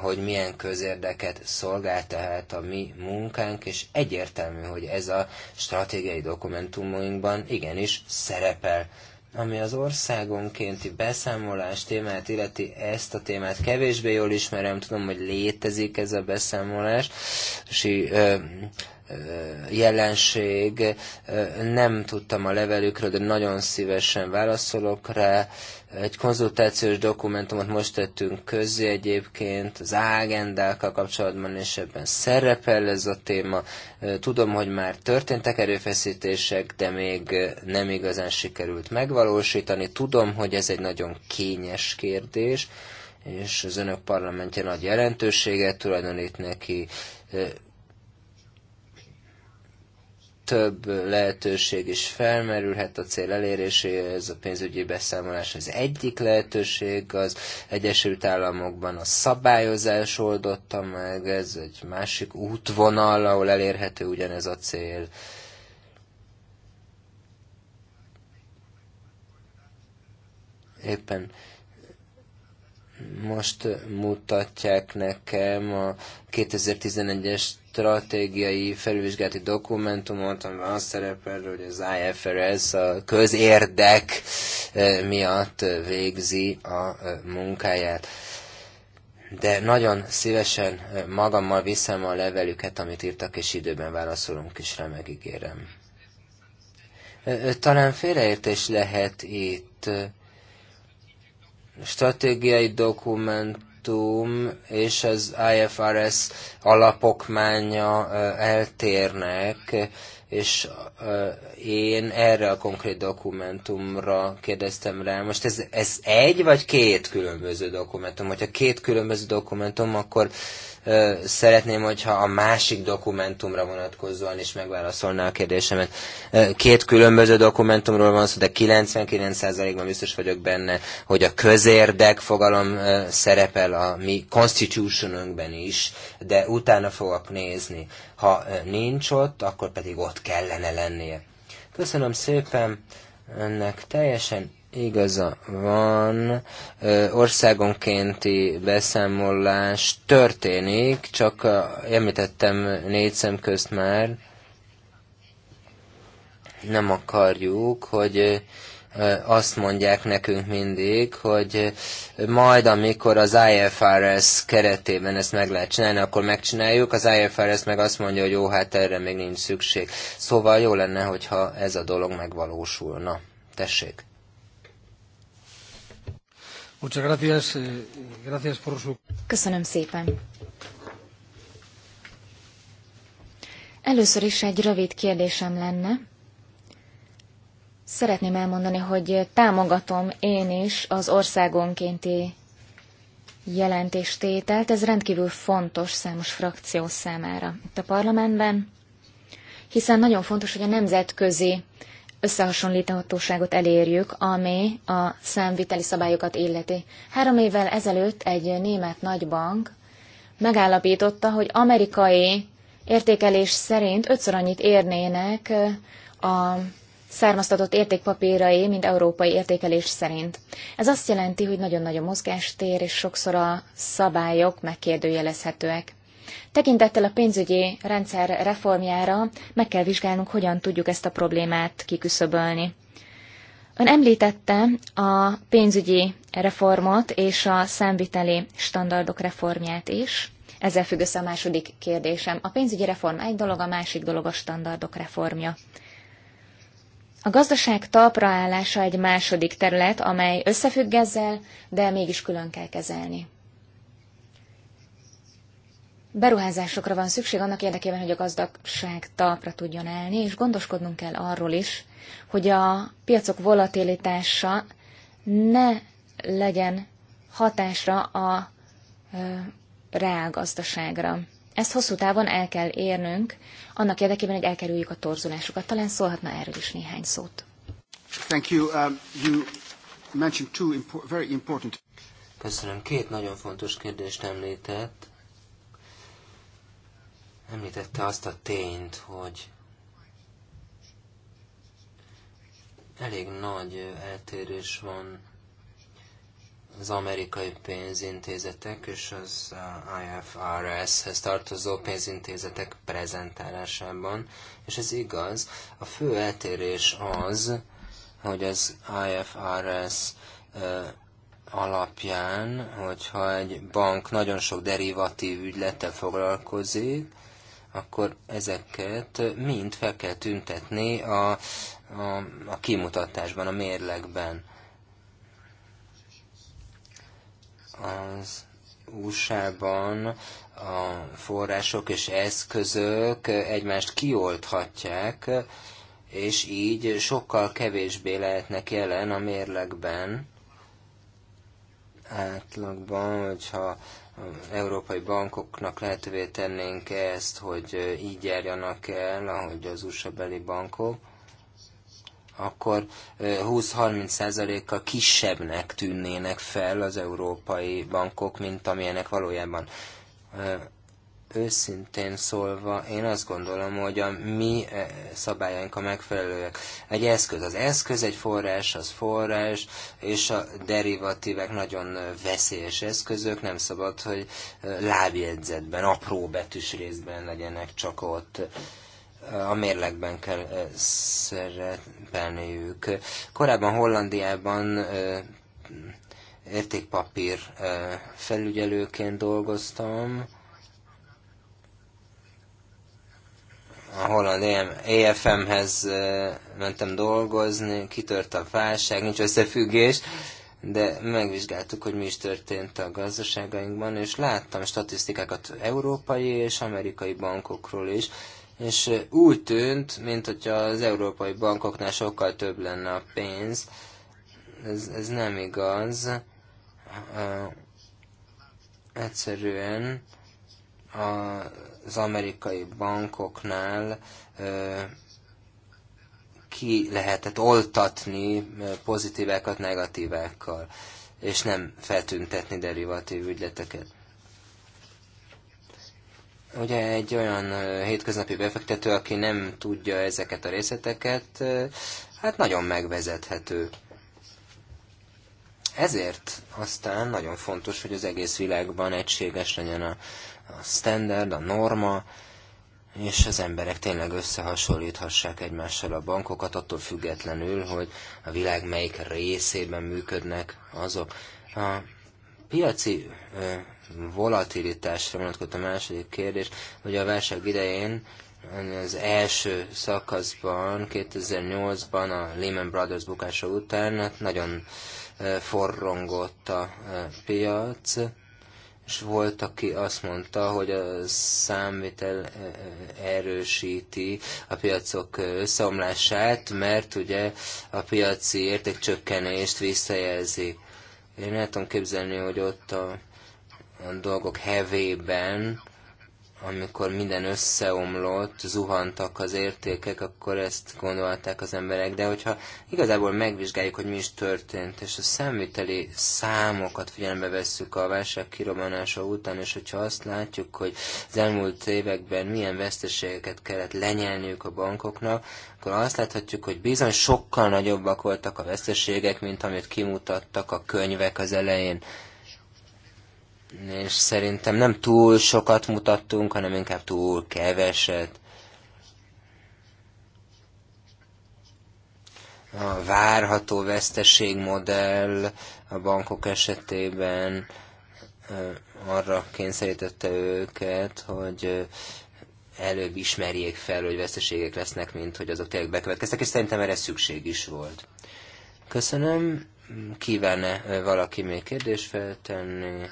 hogy milyen közérdeket szolgál tehát a mi munkánk, és egyértelmű, hogy ez a stratégiai dokumentumunkban igenis szerepel. Ami az országonkénti beszámolás témát illeti, ezt a témát kevésbé jól ismerem, tudom, hogy létezik ez a beszámolás, és ö, jelenség. Nem tudtam a levelükről, de nagyon szívesen válaszolok rá. Egy konzultációs dokumentumot most tettünk közzé egyébként az ágendákkal kapcsolatban, és ebben szerepel ez a téma. Tudom, hogy már történtek erőfeszítések, de még nem igazán sikerült megvalósítani. Tudom, hogy ez egy nagyon kényes kérdés, és az önök parlamentje nagy jelentőséget tulajdonít neki több lehetőség is felmerülhet a cél eléréséhez, a pénzügyi beszámolás az egyik lehetőség, az Egyesült Államokban a szabályozás oldotta meg, ez egy másik útvonal, ahol elérhető ugyanez a cél. Éppen most mutatják nekem a 2011-es stratégiai felülvizsgálati dokumentumot, amiben az szerepel, hogy az IFRS a közérdek eh, miatt eh, végzi a eh, munkáját. De nagyon szívesen magammal viszem a levelüket, amit írtak, és időben válaszolunk is, rá megígérem. Talán félreértés lehet itt stratégiai dokumentum és az IFRS alapokmánya eltérnek, és én erre a konkrét dokumentumra kérdeztem rá. Most ez, ez egy vagy két különböző dokumentum? Hogyha két különböző dokumentum, akkor Szeretném, hogyha a másik dokumentumra vonatkozóan is megválaszolná a kérdésemet. Két különböző dokumentumról van szó, de 99%-ban biztos vagyok benne, hogy a közérdek fogalom szerepel a mi constitutionunkben is, de utána fogok nézni. Ha nincs ott, akkor pedig ott kellene lennie. Köszönöm szépen, önnek teljesen igaza van, országonkénti beszámolás történik, csak említettem négy szem közt már, nem akarjuk, hogy azt mondják nekünk mindig, hogy majd amikor az IFRS keretében ezt meg lehet csinálni, akkor megcsináljuk, az IFRS meg azt mondja, hogy jó, hát erre még nincs szükség. Szóval jó lenne, hogyha ez a dolog megvalósulna. Tessék! Muchas gracias. Eh, gracias por su... Köszönöm szépen. Először is egy rövid kérdésem lenne. Szeretném elmondani, hogy támogatom én is az országonkénti jelentéstételt. Ez rendkívül fontos számos frakció számára itt a parlamentben, hiszen nagyon fontos, hogy a nemzetközi összehasonlíthatóságot elérjük, ami a számviteli szabályokat illeti. Három évvel ezelőtt egy német nagybank megállapította, hogy amerikai értékelés szerint ötször annyit érnének a származtatott értékpapírai, mint európai értékelés szerint. Ez azt jelenti, hogy nagyon nagy a mozgástér, és sokszor a szabályok megkérdőjelezhetőek. Tekintettel a pénzügyi rendszer reformjára meg kell vizsgálnunk, hogyan tudjuk ezt a problémát kiküszöbölni. Ön említette a pénzügyi reformot és a számviteli standardok reformját is. Ezzel függ össze a második kérdésem. A pénzügyi reform egy dolog, a másik dolog a standardok reformja. A gazdaság talpraállása egy második terület, amely összefügg ezzel, de mégis külön kell kezelni. Beruházásokra van szükség annak érdekében, hogy a gazdagság talpra tudjon állni, és gondoskodnunk kell arról is, hogy a piacok volatilitása ne legyen hatásra a reálgazdaságra. Ezt hosszú távon el kell érnünk, annak érdekében, hogy elkerüljük a torzulásokat. Talán szólhatna erről is néhány szót. Thank you. Um, you mentioned two very important... Köszönöm. Két nagyon fontos kérdést említett Említette azt a tényt, hogy elég nagy eltérés van az amerikai pénzintézetek és az IFRS-hez tartozó pénzintézetek prezentálásában, és ez igaz. A fő eltérés az, hogy az IFRS alapján, hogyha egy bank nagyon sok derivatív ügylettel foglalkozik, akkor ezeket mind fel kell tüntetni a, a, a kimutatásban, a mérlegben. Az USA-ban a források és eszközök egymást kiolthatják, és így sokkal kevésbé lehetnek jelen a mérlegben. Átlagban, hogyha európai bankoknak lehetővé tennénk -e ezt, hogy így járjanak el, ahogy az USA beli bankok, akkor 20-30%-kal kisebbnek tűnnének fel az európai bankok, mint amilyenek valójában őszintén szólva, én azt gondolom, hogy a mi eh, szabályaink a megfelelőek. Egy eszköz az eszköz, egy forrás az forrás, és a derivatívek nagyon eh, veszélyes eszközök, nem szabad, hogy eh, lábjegyzetben, apró betűs részben legyenek csak ott a mérlegben kell szerepelniük. Korábban Hollandiában értékpapír felügyelőként dolgoztam, ahol a EFM-hez mentem dolgozni, kitört a válság, nincs összefüggés, de megvizsgáltuk, hogy mi is történt a gazdaságainkban, és láttam statisztikákat európai és amerikai bankokról is, és úgy tűnt, mint hogyha az európai bankoknál sokkal több lenne a pénz. Ez, ez nem igaz. Uh, egyszerűen a az amerikai bankoknál ki lehetett oltatni pozitívákat negatívákkal, és nem feltüntetni derivatív ügyleteket. Ugye egy olyan hétköznapi befektető, aki nem tudja ezeket a részleteket, hát nagyon megvezethető. Ezért aztán nagyon fontos, hogy az egész világban egységes legyen a a standard, a norma, és az emberek tényleg összehasonlíthassák egymással a bankokat, attól függetlenül, hogy a világ melyik részében működnek azok. A piaci volatilitásra vonatkozott a második kérdés, hogy a válság idején az első szakaszban, 2008-ban a Lehman Brothers bukása után hát nagyon forrongott a piac, és volt, aki azt mondta, hogy a számvitel e, e, erősíti a piacok összeomlását, mert ugye a piaci értékcsökkenést visszajelzi. Én el tudom képzelni, hogy ott a, a dolgok hevében amikor minden összeomlott, zuhantak az értékek, akkor ezt gondolták az emberek. De hogyha igazából megvizsgáljuk, hogy mi is történt, és a számviteli számokat figyelembe vesszük a válság kirobanása után, és hogyha azt látjuk, hogy az elmúlt években milyen veszteségeket kellett lenyelniük a bankoknak, akkor azt láthatjuk, hogy bizony sokkal nagyobbak voltak a veszteségek, mint amit kimutattak a könyvek az elején és szerintem nem túl sokat mutattunk, hanem inkább túl keveset. A várható veszteségmodell a bankok esetében arra kényszerítette őket, hogy előbb ismerjék fel, hogy veszteségek lesznek, mint hogy azok tényleg bekövetkeztek, és szerintem erre szükség is volt. Köszönöm. Kívánne valaki még kérdést feltenni?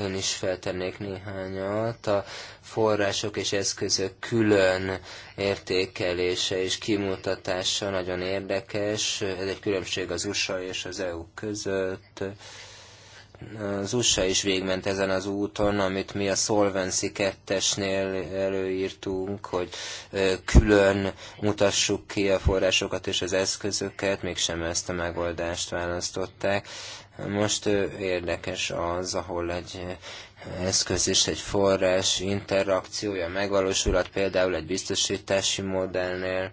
én is feltennék néhányat. A források és eszközök külön értékelése és kimutatása nagyon érdekes. Ez egy különbség az USA és az EU között. Az USA is végment ezen az úton, amit mi a Solvency 2-esnél előírtunk, hogy külön mutassuk ki a forrásokat és az eszközöket, mégsem ezt a megoldást választották most érdekes az, ahol egy eszköz és egy forrás interakciója megvalósulhat, például egy biztosítási modellnél.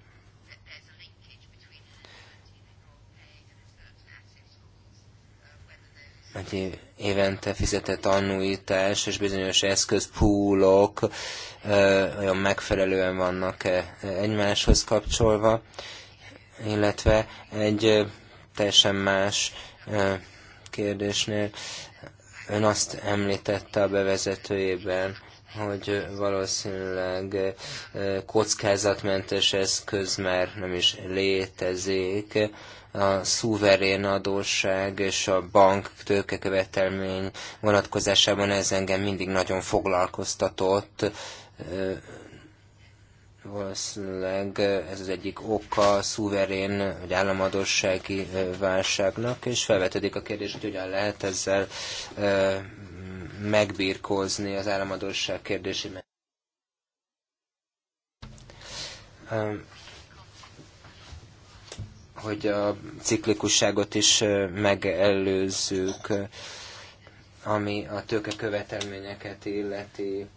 Egy évente fizetett annuitás és bizonyos eszközpúlok olyan megfelelően vannak-e egymáshoz kapcsolva, illetve egy teljesen más kérdésnél. Ön azt említette a bevezetőjében, hogy valószínűleg kockázatmentes eszköz már nem is létezik. A szuverén adósság és a bank tőkekövetelmény vonatkozásában ez engem mindig nagyon foglalkoztatott, Valószínűleg ez az egyik oka a szuverén vagy államadossági válságnak, és felvetődik a kérdés, hogy hogyan lehet ezzel megbírkozni az államadosság kérdésében. Hogy a ciklikusságot is megelőzzük, ami a követelményeket illeti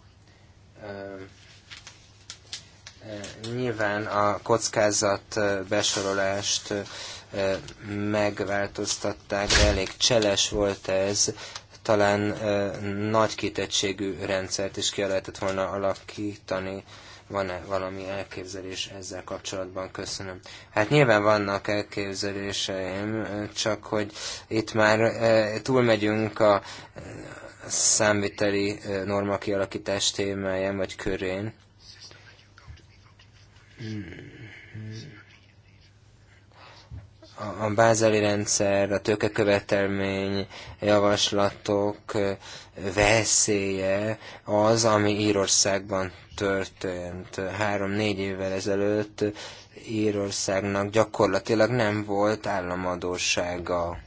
Nyilván a kockázat besorolást megváltoztatták, de elég cseles volt ez. Talán nagy kitettségű rendszert is ki lehetett volna alakítani. Van-e valami elképzelés ezzel kapcsolatban? Köszönöm. Hát nyilván vannak elképzeléseim, csak hogy itt már túlmegyünk a számviteli norma kialakítás témáján vagy körén a bázali rendszer, a tőkekövetelmény javaslatok veszélye az, ami Írországban történt. Három-négy évvel ezelőtt Írországnak gyakorlatilag nem volt államadósága.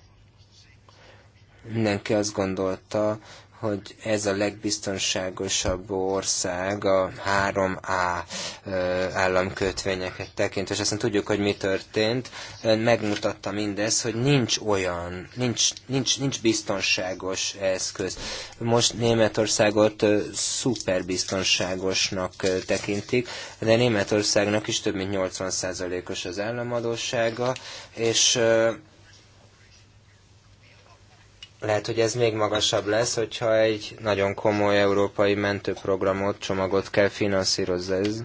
Mindenki azt gondolta, hogy ez a legbiztonságosabb ország a 3A államkötvényeket tekintve, és aztán tudjuk, hogy mi történt. Megmutatta mindez, hogy nincs olyan, nincs, nincs, nincs biztonságos eszköz. Most Németországot szuperbiztonságosnak tekintik, de Németországnak is több mint 80%-os az államadósága, és lehet, hogy ez még magasabb lesz, hogyha egy nagyon komoly európai mentőprogramot, csomagot kell finanszírozni. Ez,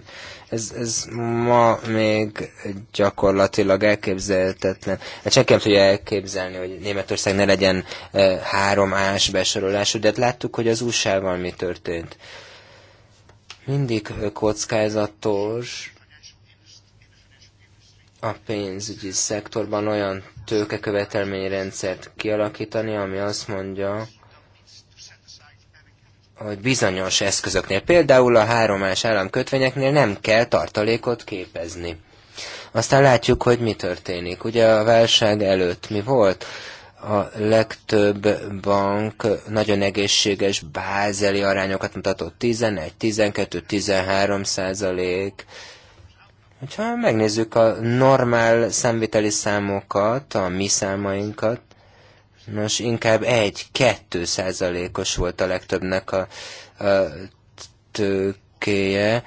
ez, ez ma még gyakorlatilag elképzelhetetlen. Hát senki nem tudja elképzelni, hogy Németország ne legyen e, három ás besorolású, de hát láttuk, hogy az USA-val mi történt. Mindig kockázatos, a pénzügyi szektorban olyan tőkekövetelményrendszert kialakítani, ami azt mondja, hogy bizonyos eszközöknél, például a háromás államkötvényeknél nem kell tartalékot képezni. Aztán látjuk, hogy mi történik. Ugye a válság előtt mi volt? a legtöbb bank nagyon egészséges bázeli arányokat mutatott 11, 12, 13 százalék, Hogyha megnézzük a normál számviteli számokat, a mi számainkat, nos, inkább 1-2 százalékos volt a legtöbbnek a, a tőkéje,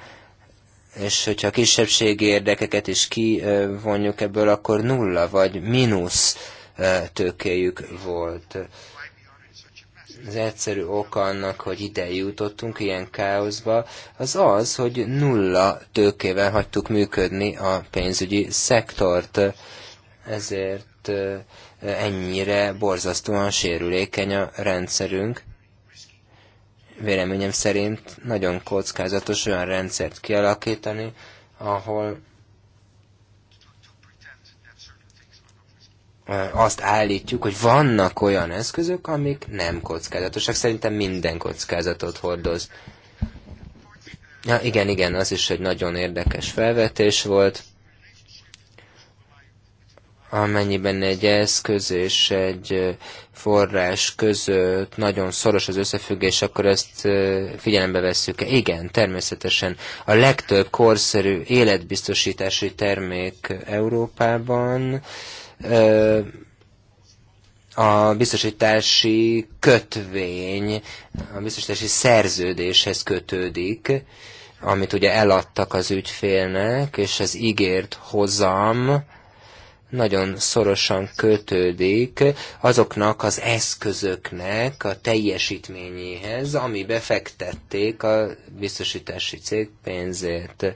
és hogyha a kisebbségi érdekeket is kivonjuk ebből, akkor nulla vagy mínusz tőkéjük volt az egyszerű oka annak, hogy ide jutottunk ilyen káoszba, az az, hogy nulla tőkével hagytuk működni a pénzügyi szektort. Ezért ennyire borzasztóan sérülékeny a rendszerünk. Véleményem szerint nagyon kockázatos olyan rendszert kialakítani, ahol azt állítjuk, hogy vannak olyan eszközök, amik nem kockázatosak. Szerintem minden kockázatot hordoz. Ja, igen, igen, az is egy nagyon érdekes felvetés volt. Amennyiben egy eszköz és egy forrás között nagyon szoros az összefüggés, akkor ezt figyelembe vesszük -e? Igen, természetesen. A legtöbb korszerű életbiztosítási termék Európában a biztosítási kötvény, a biztosítási szerződéshez kötődik, amit ugye eladtak az ügyfélnek, és az ígért hozam nagyon szorosan kötődik azoknak az eszközöknek a teljesítményéhez, ami befektették a biztosítási cég pénzét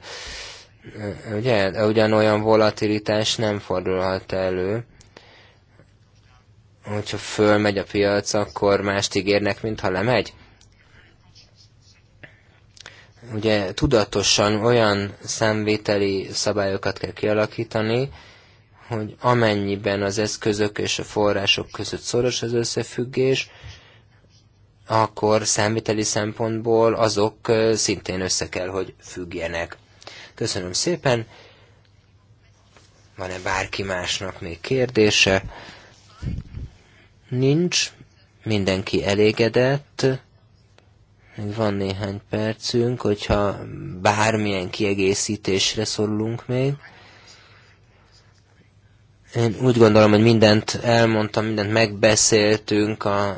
ugye, ugyanolyan volatilitás nem fordulhat elő. Hogyha fölmegy a piac, akkor mást ígérnek, mint lemegy. Ugye tudatosan olyan számvételi szabályokat kell kialakítani, hogy amennyiben az eszközök és a források között szoros az összefüggés, akkor számviteli szempontból azok szintén össze kell, hogy függjenek. Köszönöm szépen. Van-e bárki másnak még kérdése? Nincs. Mindenki elégedett. Még van néhány percünk, hogyha bármilyen kiegészítésre szólunk még. Én úgy gondolom, hogy mindent elmondtam, mindent megbeszéltünk, a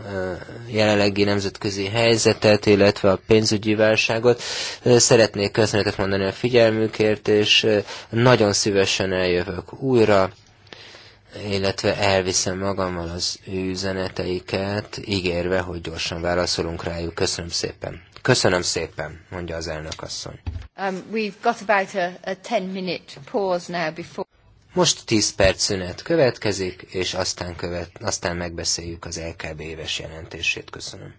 jelenlegi nemzetközi helyzetet, illetve a pénzügyi válságot. Szeretnék köszönetet mondani a figyelmükért, és nagyon szívesen eljövök újra, illetve elviszem magammal az üzeneteiket, ígérve, hogy gyorsan válaszolunk rájuk. Köszönöm szépen. Köszönöm szépen, mondja az elnök asszony. Um, we've got about a, a 10 minute pause now before... Most 10 perc szünet következik, és aztán, követ, aztán megbeszéljük az LKB éves jelentését. Köszönöm.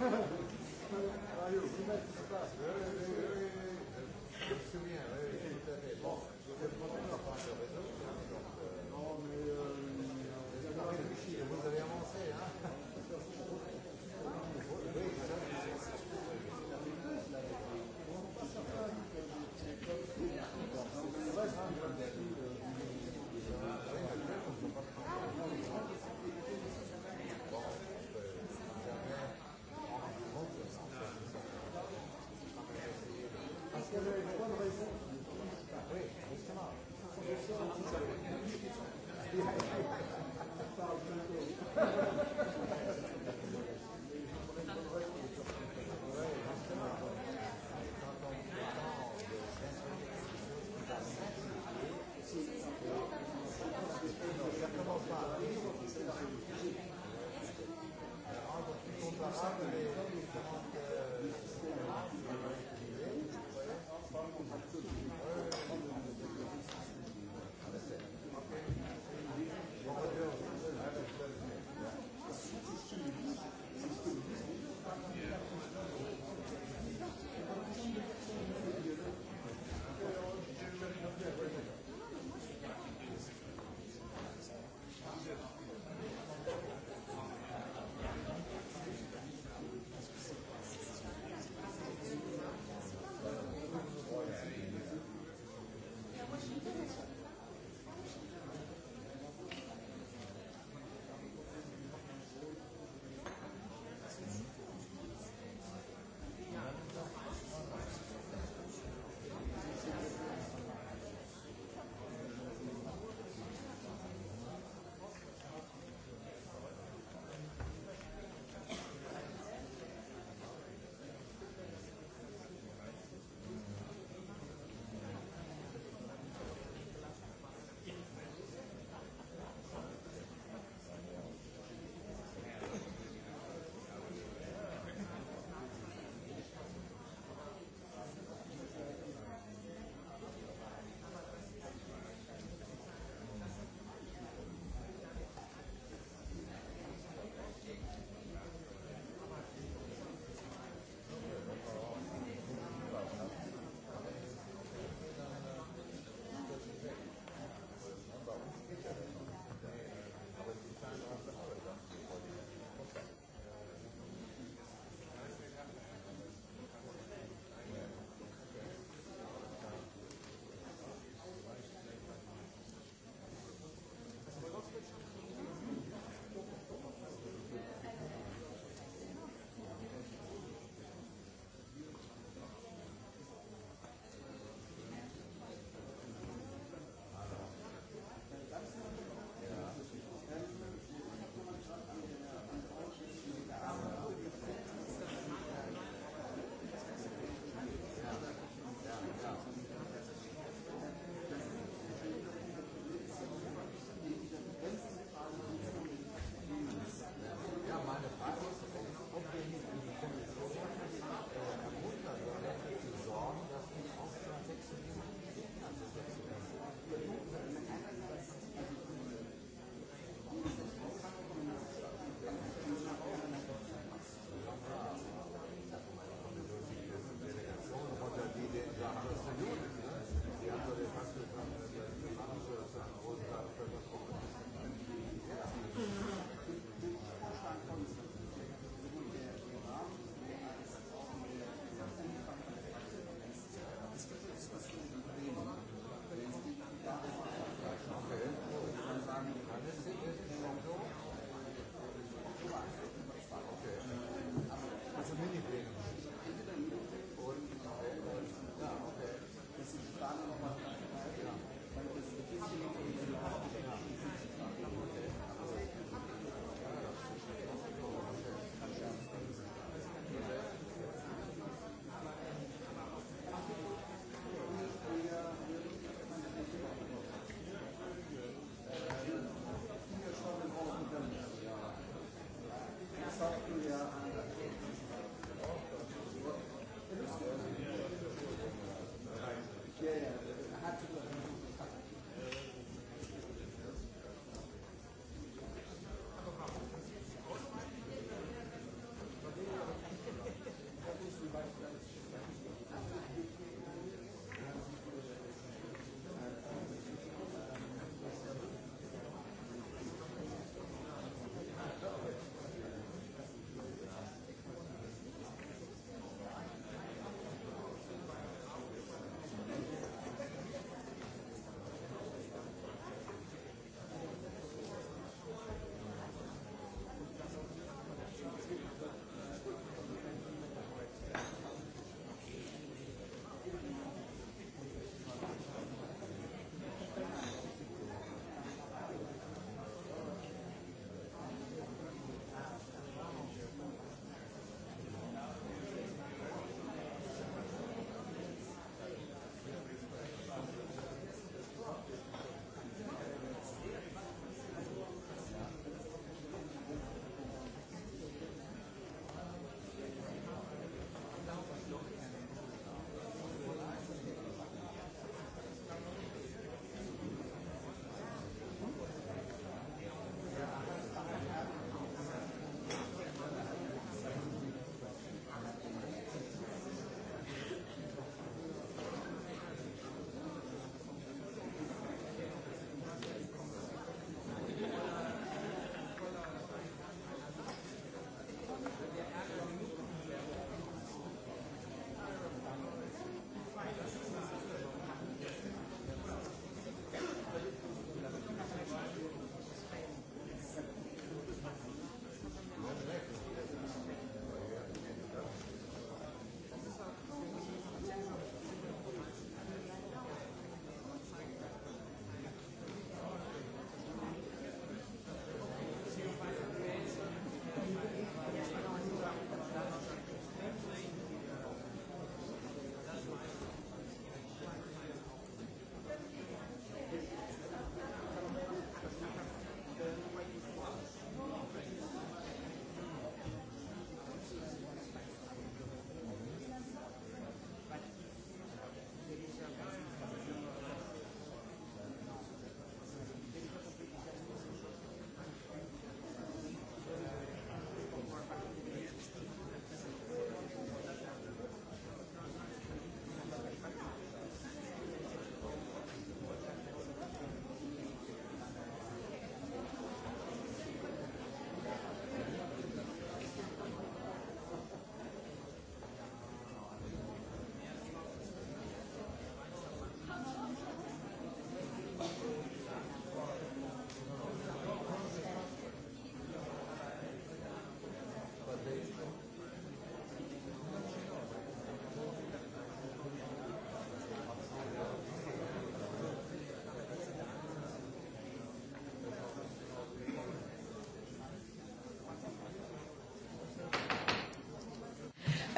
Ha ha ha. Thank you.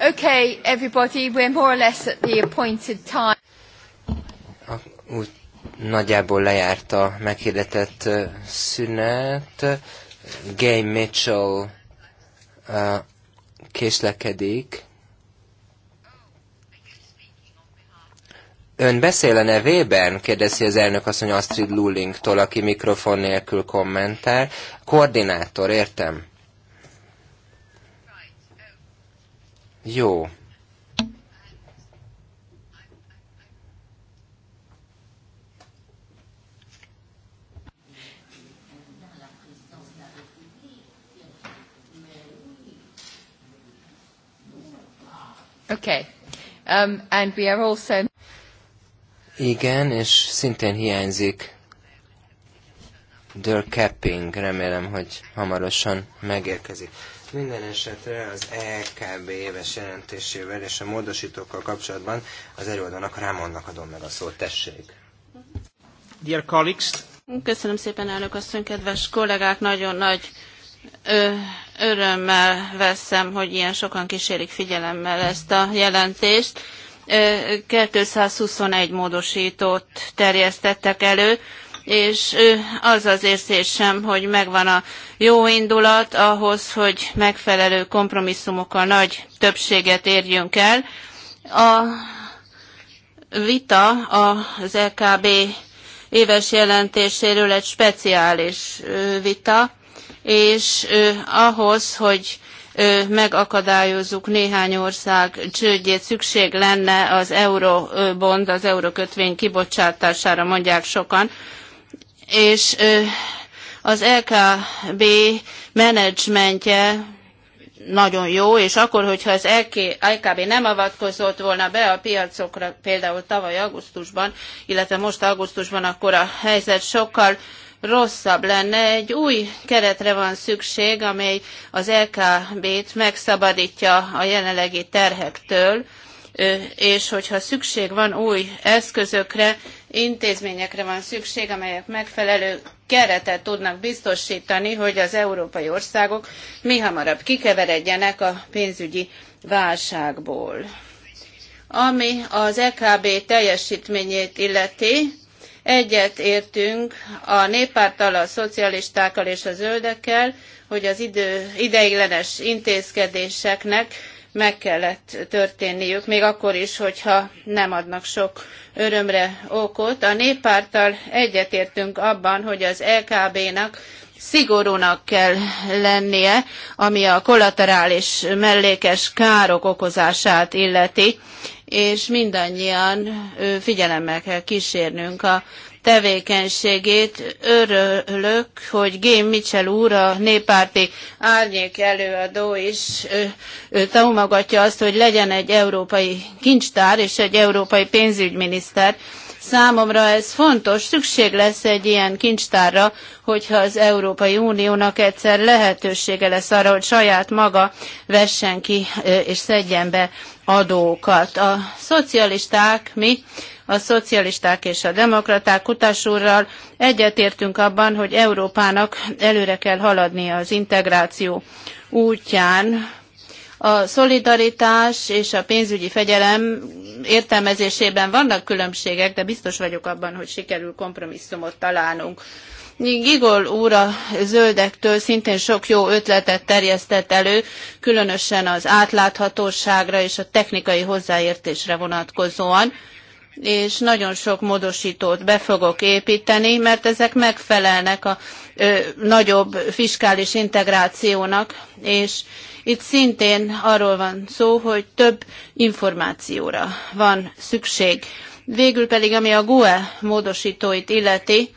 Okay, everybody, we're more or less at the appointed time. Úgy nagyjából lejárt a meghirdetett szünet. Gay Mitchell uh, késlekedik. Ön beszél a nevében? kérdezi az elnök asszony Astrid Lulingtól, aki mikrofon nélkül kommentál. Koordinátor, értem. Jó. Okay. Um, and we are also... Igen, és szintén hiányzik Der Capping. Remélem, hogy hamarosan megérkezik. Minden esetre az EKB éves jelentésével és a módosítókkal kapcsolatban az előadónak Rámonnak adom meg a szót. Tessék! Dear colleagues. Köszönöm szépen, elnök asszony, kedves kollégák, nagyon nagy ö, örömmel veszem, hogy ilyen sokan kísérik figyelemmel ezt a jelentést. 221 módosítót terjesztettek elő, és az az érzésem, hogy megvan a jó indulat ahhoz, hogy megfelelő kompromisszumokkal nagy többséget érjünk el. A vita az LKB éves jelentéséről egy speciális vita, és ahhoz, hogy megakadályozzuk néhány ország csődjét, szükség lenne az eurobond, az eurokötvény kibocsátására, mondják sokan és az LKB menedzsmentje nagyon jó, és akkor, hogyha az LKB nem avatkozott volna be a piacokra például tavaly augusztusban, illetve most augusztusban, akkor a helyzet sokkal rosszabb lenne. Egy új keretre van szükség, amely az LKB-t megszabadítja a jelenlegi terhektől, és hogyha szükség van új eszközökre, intézményekre van szükség, amelyek megfelelő keretet tudnak biztosítani, hogy az európai országok mihamarabb kikeveredjenek a pénzügyi válságból. Ami az EKB teljesítményét illeti, egyet értünk a néppárttal, a szocialistákkal és a zöldekkel, hogy az idő, ideiglenes intézkedéseknek meg kellett történniük, még akkor is, hogyha nem adnak sok örömre okot. A néppárttal egyetértünk abban, hogy az LKB-nak szigorúnak kell lennie, ami a kollaterális mellékes károk okozását illeti, és mindannyian figyelemmel kell kísérnünk a tevékenységét. Örülök, hogy G. Mitchell úr, a néppárti árnyék előadó is támogatja azt, hogy legyen egy európai kincstár és egy európai pénzügyminiszter Számomra ez fontos, szükség lesz egy ilyen kincstárra, hogyha az Európai Uniónak egyszer lehetősége lesz arra, hogy saját maga vessen ki és szedjen be adókat. A szocialisták, mi, a szocialisták és a demokraták utasúrral egyetértünk abban, hogy Európának előre kell haladnia az integráció útján, a szolidaritás és a pénzügyi fegyelem értelmezésében vannak különbségek, de biztos vagyok abban, hogy sikerül kompromisszumot találnunk. Gigol úr a zöldektől szintén sok jó ötletet terjesztett elő, különösen az átláthatóságra és a technikai hozzáértésre vonatkozóan és nagyon sok módosítót be fogok építeni, mert ezek megfelelnek a ö, nagyobb fiskális integrációnak, és itt szintén arról van szó, hogy több információra van szükség. Végül pedig, ami a GUE módosítóit illeti,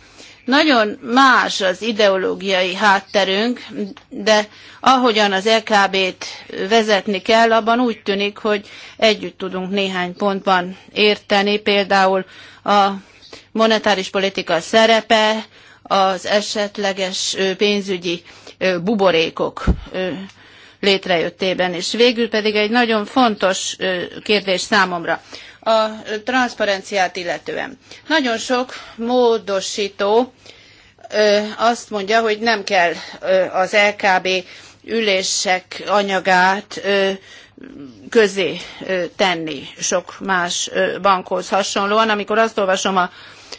nagyon más az ideológiai hátterünk, de ahogyan az LKB-t vezetni kell, abban úgy tűnik, hogy együtt tudunk néhány pontban érteni, például a monetáris politika szerepe, az esetleges pénzügyi buborékok létrejöttében és Végül pedig egy nagyon fontos kérdés számomra a transzparenciát illetően. Nagyon sok módosító azt mondja, hogy nem kell az LKB ülések anyagát közé tenni sok más bankhoz hasonlóan. Amikor azt olvasom a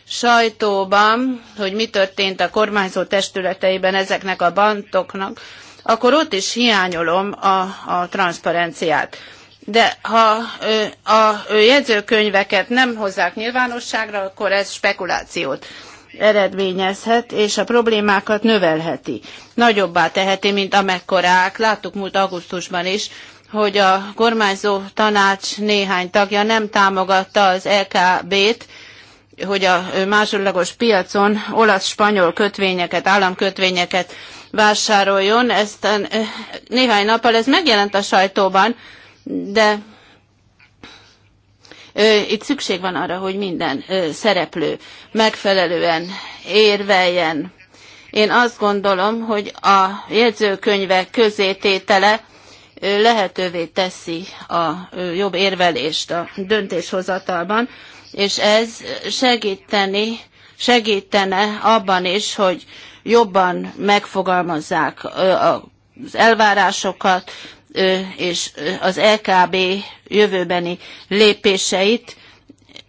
sajtóban, hogy mi történt a kormányzó testületeiben ezeknek a bankoknak, akkor ott is hiányolom a, a transzparenciát. De ha a jegyzőkönyveket nem hozzák nyilvánosságra, akkor ez spekulációt eredményezhet, és a problémákat növelheti. Nagyobbá teheti, mint amekkorák. Láttuk múlt augusztusban is, hogy a kormányzó tanács néhány tagja nem támogatta az LKB-t, hogy a másodlagos piacon olasz-spanyol kötvényeket, államkötvényeket vásároljon. Ezt eh, néhány nappal ez megjelent a sajtóban, de eh, itt szükség van arra, hogy minden eh, szereplő megfelelően érveljen. Én azt gondolom, hogy a jegyzőkönyvek közététele lehetővé teszi a jobb érvelést a döntéshozatalban, és ez segíteni, segítene abban is, hogy jobban megfogalmazzák az elvárásokat és az LKB jövőbeni lépéseit,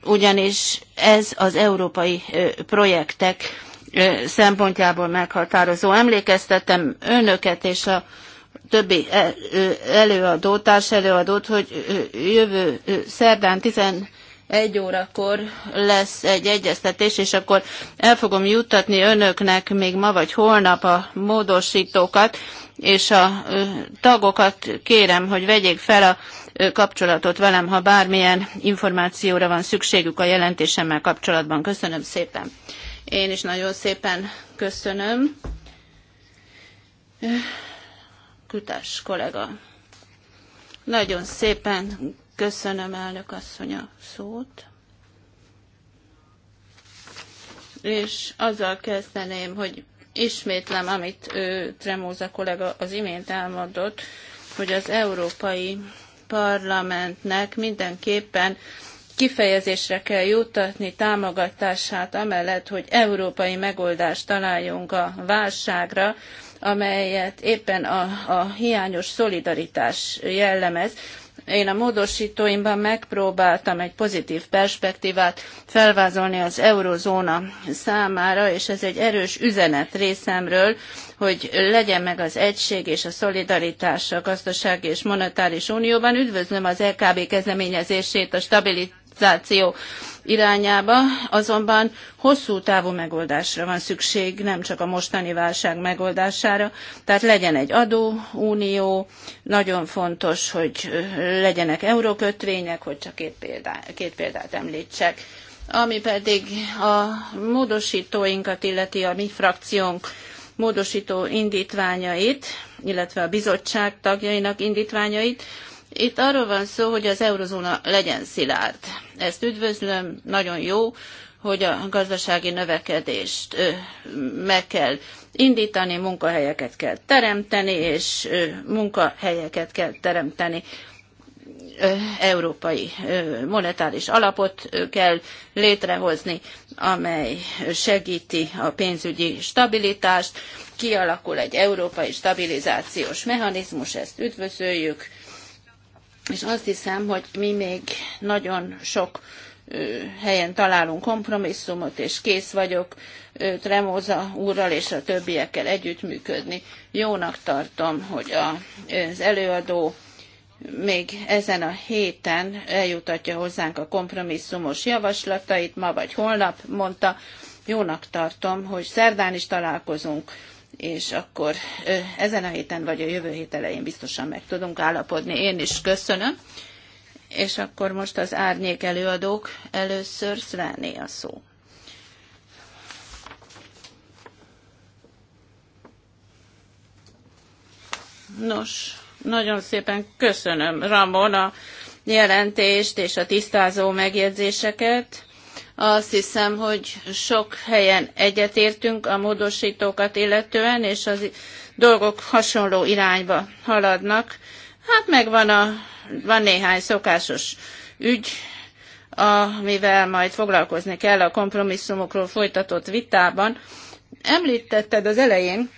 ugyanis ez az európai projektek szempontjából meghatározó. Emlékeztetem önöket és a többi előadót, társ előadót, hogy jövő szerdán 12 egy órakor lesz egy egyeztetés, és akkor el fogom juttatni önöknek még ma vagy holnap a módosítókat, és a tagokat kérem, hogy vegyék fel a kapcsolatot velem, ha bármilyen információra van szükségük a jelentésemmel kapcsolatban. Köszönöm szépen. Én is nagyon szépen köszönöm. Kutás kollega. Nagyon szépen Köszönöm, elnök asszony, a szót. És azzal kezdeném, hogy ismétlem, amit ő, Tremóza kollega az imént elmondott, hogy az Európai Parlamentnek mindenképpen kifejezésre kell juttatni támogatását amellett, hogy európai megoldást találjunk a válságra, amelyet éppen a, a hiányos szolidaritás jellemez, én a módosítóimban megpróbáltam egy pozitív perspektívát felvázolni az eurozóna számára, és ez egy erős üzenet részemről, hogy legyen meg az egység és a szolidaritás a gazdasági és monetáris unióban. Üdvözlöm az LKB kezdeményezését a stabilitás digitalizáció irányába, azonban hosszú távú megoldásra van szükség, nem csak a mostani válság megoldására. Tehát legyen egy adóunió, nagyon fontos, hogy legyenek eurókötvények, hogy csak két példát, két példát említsek. Ami pedig a módosítóinkat illeti a mi frakciónk módosító indítványait, illetve a bizottság tagjainak indítványait, itt arról van szó, hogy az eurozóna legyen szilárd. Ezt üdvözlöm, nagyon jó, hogy a gazdasági növekedést ö, meg kell indítani, munkahelyeket kell teremteni, és ö, munkahelyeket kell teremteni. Ö, európai monetáris alapot kell létrehozni, amely segíti a pénzügyi stabilitást, kialakul egy európai stabilizációs mechanizmus, ezt üdvözöljük és azt hiszem, hogy mi még nagyon sok helyen találunk kompromisszumot, és kész vagyok Tremóza úrral és a többiekkel együttműködni. Jónak tartom, hogy az előadó még ezen a héten eljutatja hozzánk a kompromisszumos javaslatait, ma vagy holnap mondta. Jónak tartom, hogy szerdán is találkozunk és akkor ezen a héten vagy a jövő hét elején biztosan meg tudunk állapodni. Én is köszönöm. És akkor most az árnyék előadók először Szláné a szó. Nos, nagyon szépen köszönöm Ramon a jelentést és a tisztázó megjegyzéseket. Azt hiszem, hogy sok helyen egyetértünk a módosítókat illetően, és az dolgok hasonló irányba haladnak. Hát meg a, van néhány szokásos ügy, amivel majd foglalkozni kell a kompromisszumokról folytatott vitában. Említetted az elején,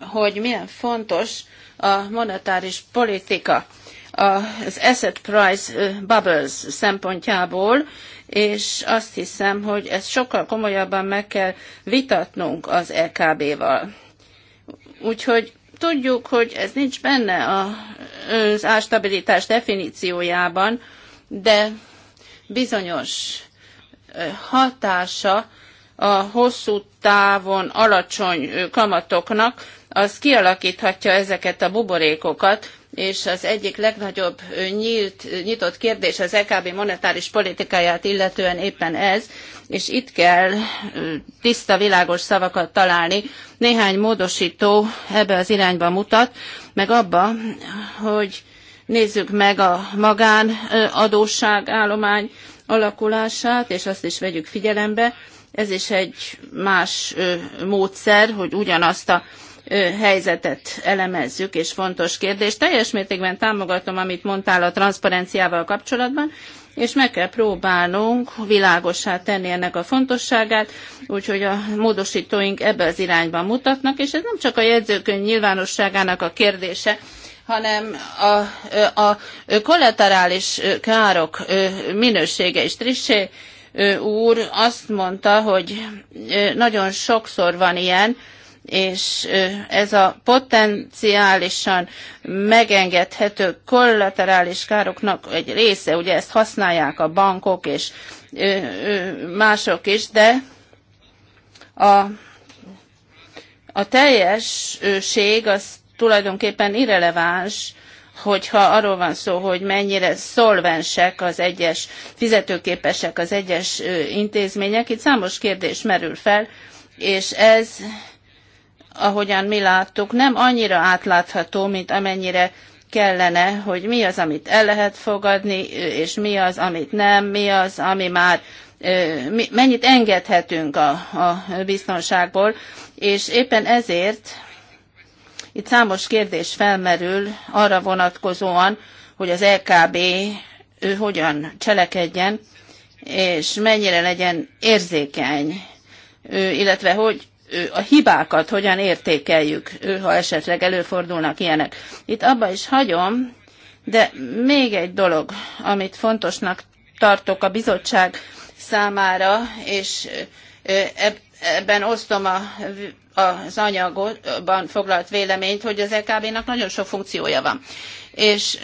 hogy milyen fontos a monetáris politika az asset price bubbles szempontjából, és azt hiszem, hogy ezt sokkal komolyabban meg kell vitatnunk az LKB-val. Úgyhogy tudjuk, hogy ez nincs benne a, az ástabilitás definíciójában, de bizonyos hatása a hosszú távon alacsony kamatoknak, az kialakíthatja ezeket a buborékokat, és az egyik legnagyobb nyílt, nyitott kérdés az EKB monetáris politikáját illetően éppen ez, és itt kell tiszta, világos szavakat találni. Néhány módosító ebbe az irányba mutat, meg abba, hogy nézzük meg a magánadósság állomány alakulását, és azt is vegyük figyelembe. Ez is egy más módszer, hogy ugyanazt a helyzetet elemezzük, és fontos kérdés. Teljes mértékben támogatom, amit mondtál a transzparenciával kapcsolatban, és meg kell próbálnunk világossá tenni ennek a fontosságát, úgyhogy a módosítóink ebbe az irányba mutatnak, és ez nem csak a jegyzőkönyv nyilvánosságának a kérdése, hanem a, a kollaterális károk minősége is. Trissé úr azt mondta, hogy nagyon sokszor van ilyen, és ez a potenciálisan megengedhető kollaterális károknak egy része, ugye ezt használják a bankok és mások is, de a, a teljesség az tulajdonképpen irreleváns, hogyha arról van szó, hogy mennyire szolvensek az egyes, fizetőképesek az egyes intézmények, itt számos kérdés merül fel, és ez ahogyan mi láttuk, nem annyira átlátható, mint amennyire kellene, hogy mi az, amit el lehet fogadni, és mi az, amit nem, mi az, ami már mennyit engedhetünk a, a biztonságból, és éppen ezért itt számos kérdés felmerül arra vonatkozóan, hogy az LKB ő hogyan cselekedjen, és mennyire legyen érzékeny, illetve hogy a hibákat hogyan értékeljük, ha esetleg előfordulnak ilyenek. Itt abba is hagyom, de még egy dolog, amit fontosnak tartok a bizottság számára, és ebben osztom a, az anyagban foglalt véleményt, hogy az EKB-nak nagyon sok funkciója van. És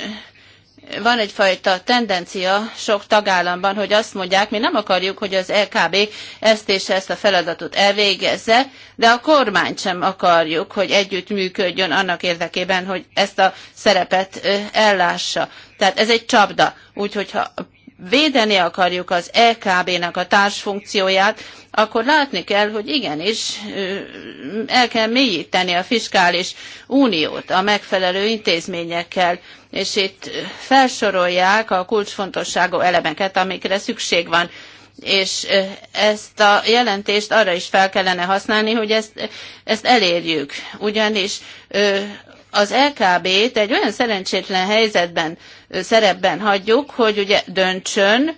van egyfajta tendencia sok tagállamban, hogy azt mondják, mi nem akarjuk, hogy az LKB ezt és ezt a feladatot elvégezze, de a kormányt sem akarjuk, hogy együttműködjön annak érdekében, hogy ezt a szerepet ellássa. Tehát ez egy csapda. Úgyhogy ha védeni akarjuk az e EKB-nak a társfunkcióját, akkor látni kell, hogy igenis el kell mélyíteni a fiskális uniót a megfelelő intézményekkel, és itt felsorolják a kulcsfontosságú elemeket, amikre szükség van és ezt a jelentést arra is fel kellene használni, hogy ezt, ezt elérjük. Ugyanis az LKB-t e egy olyan szerencsétlen helyzetben szerepben hagyjuk, hogy ugye döntsön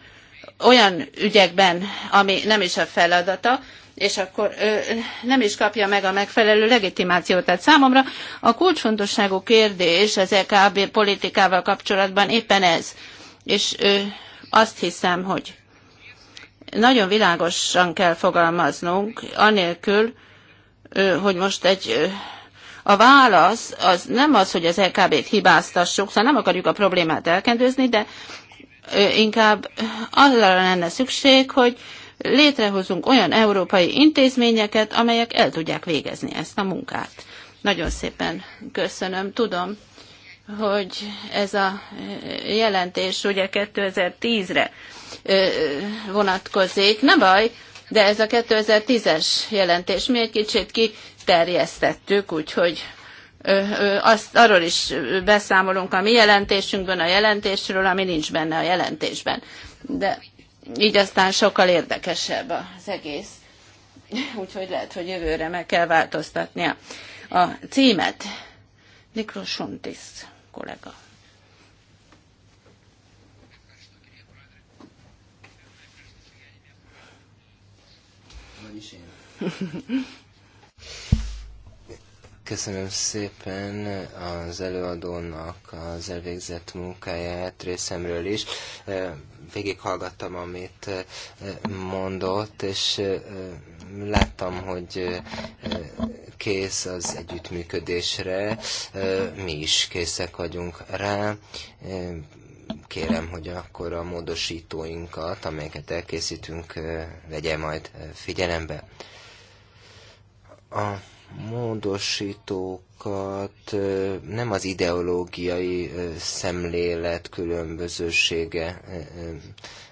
olyan ügyekben, ami nem is a feladata, és akkor ö, nem is kapja meg a megfelelő legitimációt. Tehát számomra a kulcsfontosságú kérdés az EKB politikával kapcsolatban éppen ez. És ö, azt hiszem, hogy nagyon világosan kell fogalmaznunk, anélkül, hogy most egy a válasz az nem az, hogy az LKB-t hibáztassuk, szóval nem akarjuk a problémát elkendőzni, de inkább arra lenne szükség, hogy létrehozunk olyan európai intézményeket, amelyek el tudják végezni ezt a munkát. Nagyon szépen köszönöm. Tudom, hogy ez a jelentés ugye 2010-re vonatkozik. Nem baj, de ez a 2010-es jelentés. Mi egy kicsit terjesztettük, úgyhogy azt, arról is beszámolunk a mi jelentésünkben, a jelentésről, ami nincs benne a jelentésben. De így aztán sokkal érdekesebb az egész. Úgyhogy lehet, hogy jövőre meg kell változtatnia a címet. Niklos Sontis kollega. Vagyis én. Köszönöm szépen az előadónak az elvégzett munkáját részemről is. Végighallgattam, amit mondott, és láttam, hogy kész az együttműködésre, mi is készek vagyunk rá. Kérem, hogy akkor a módosítóinkat, amelyeket elkészítünk, vegye majd figyelembe. A módosítókat nem az ideológiai szemlélet különbözősége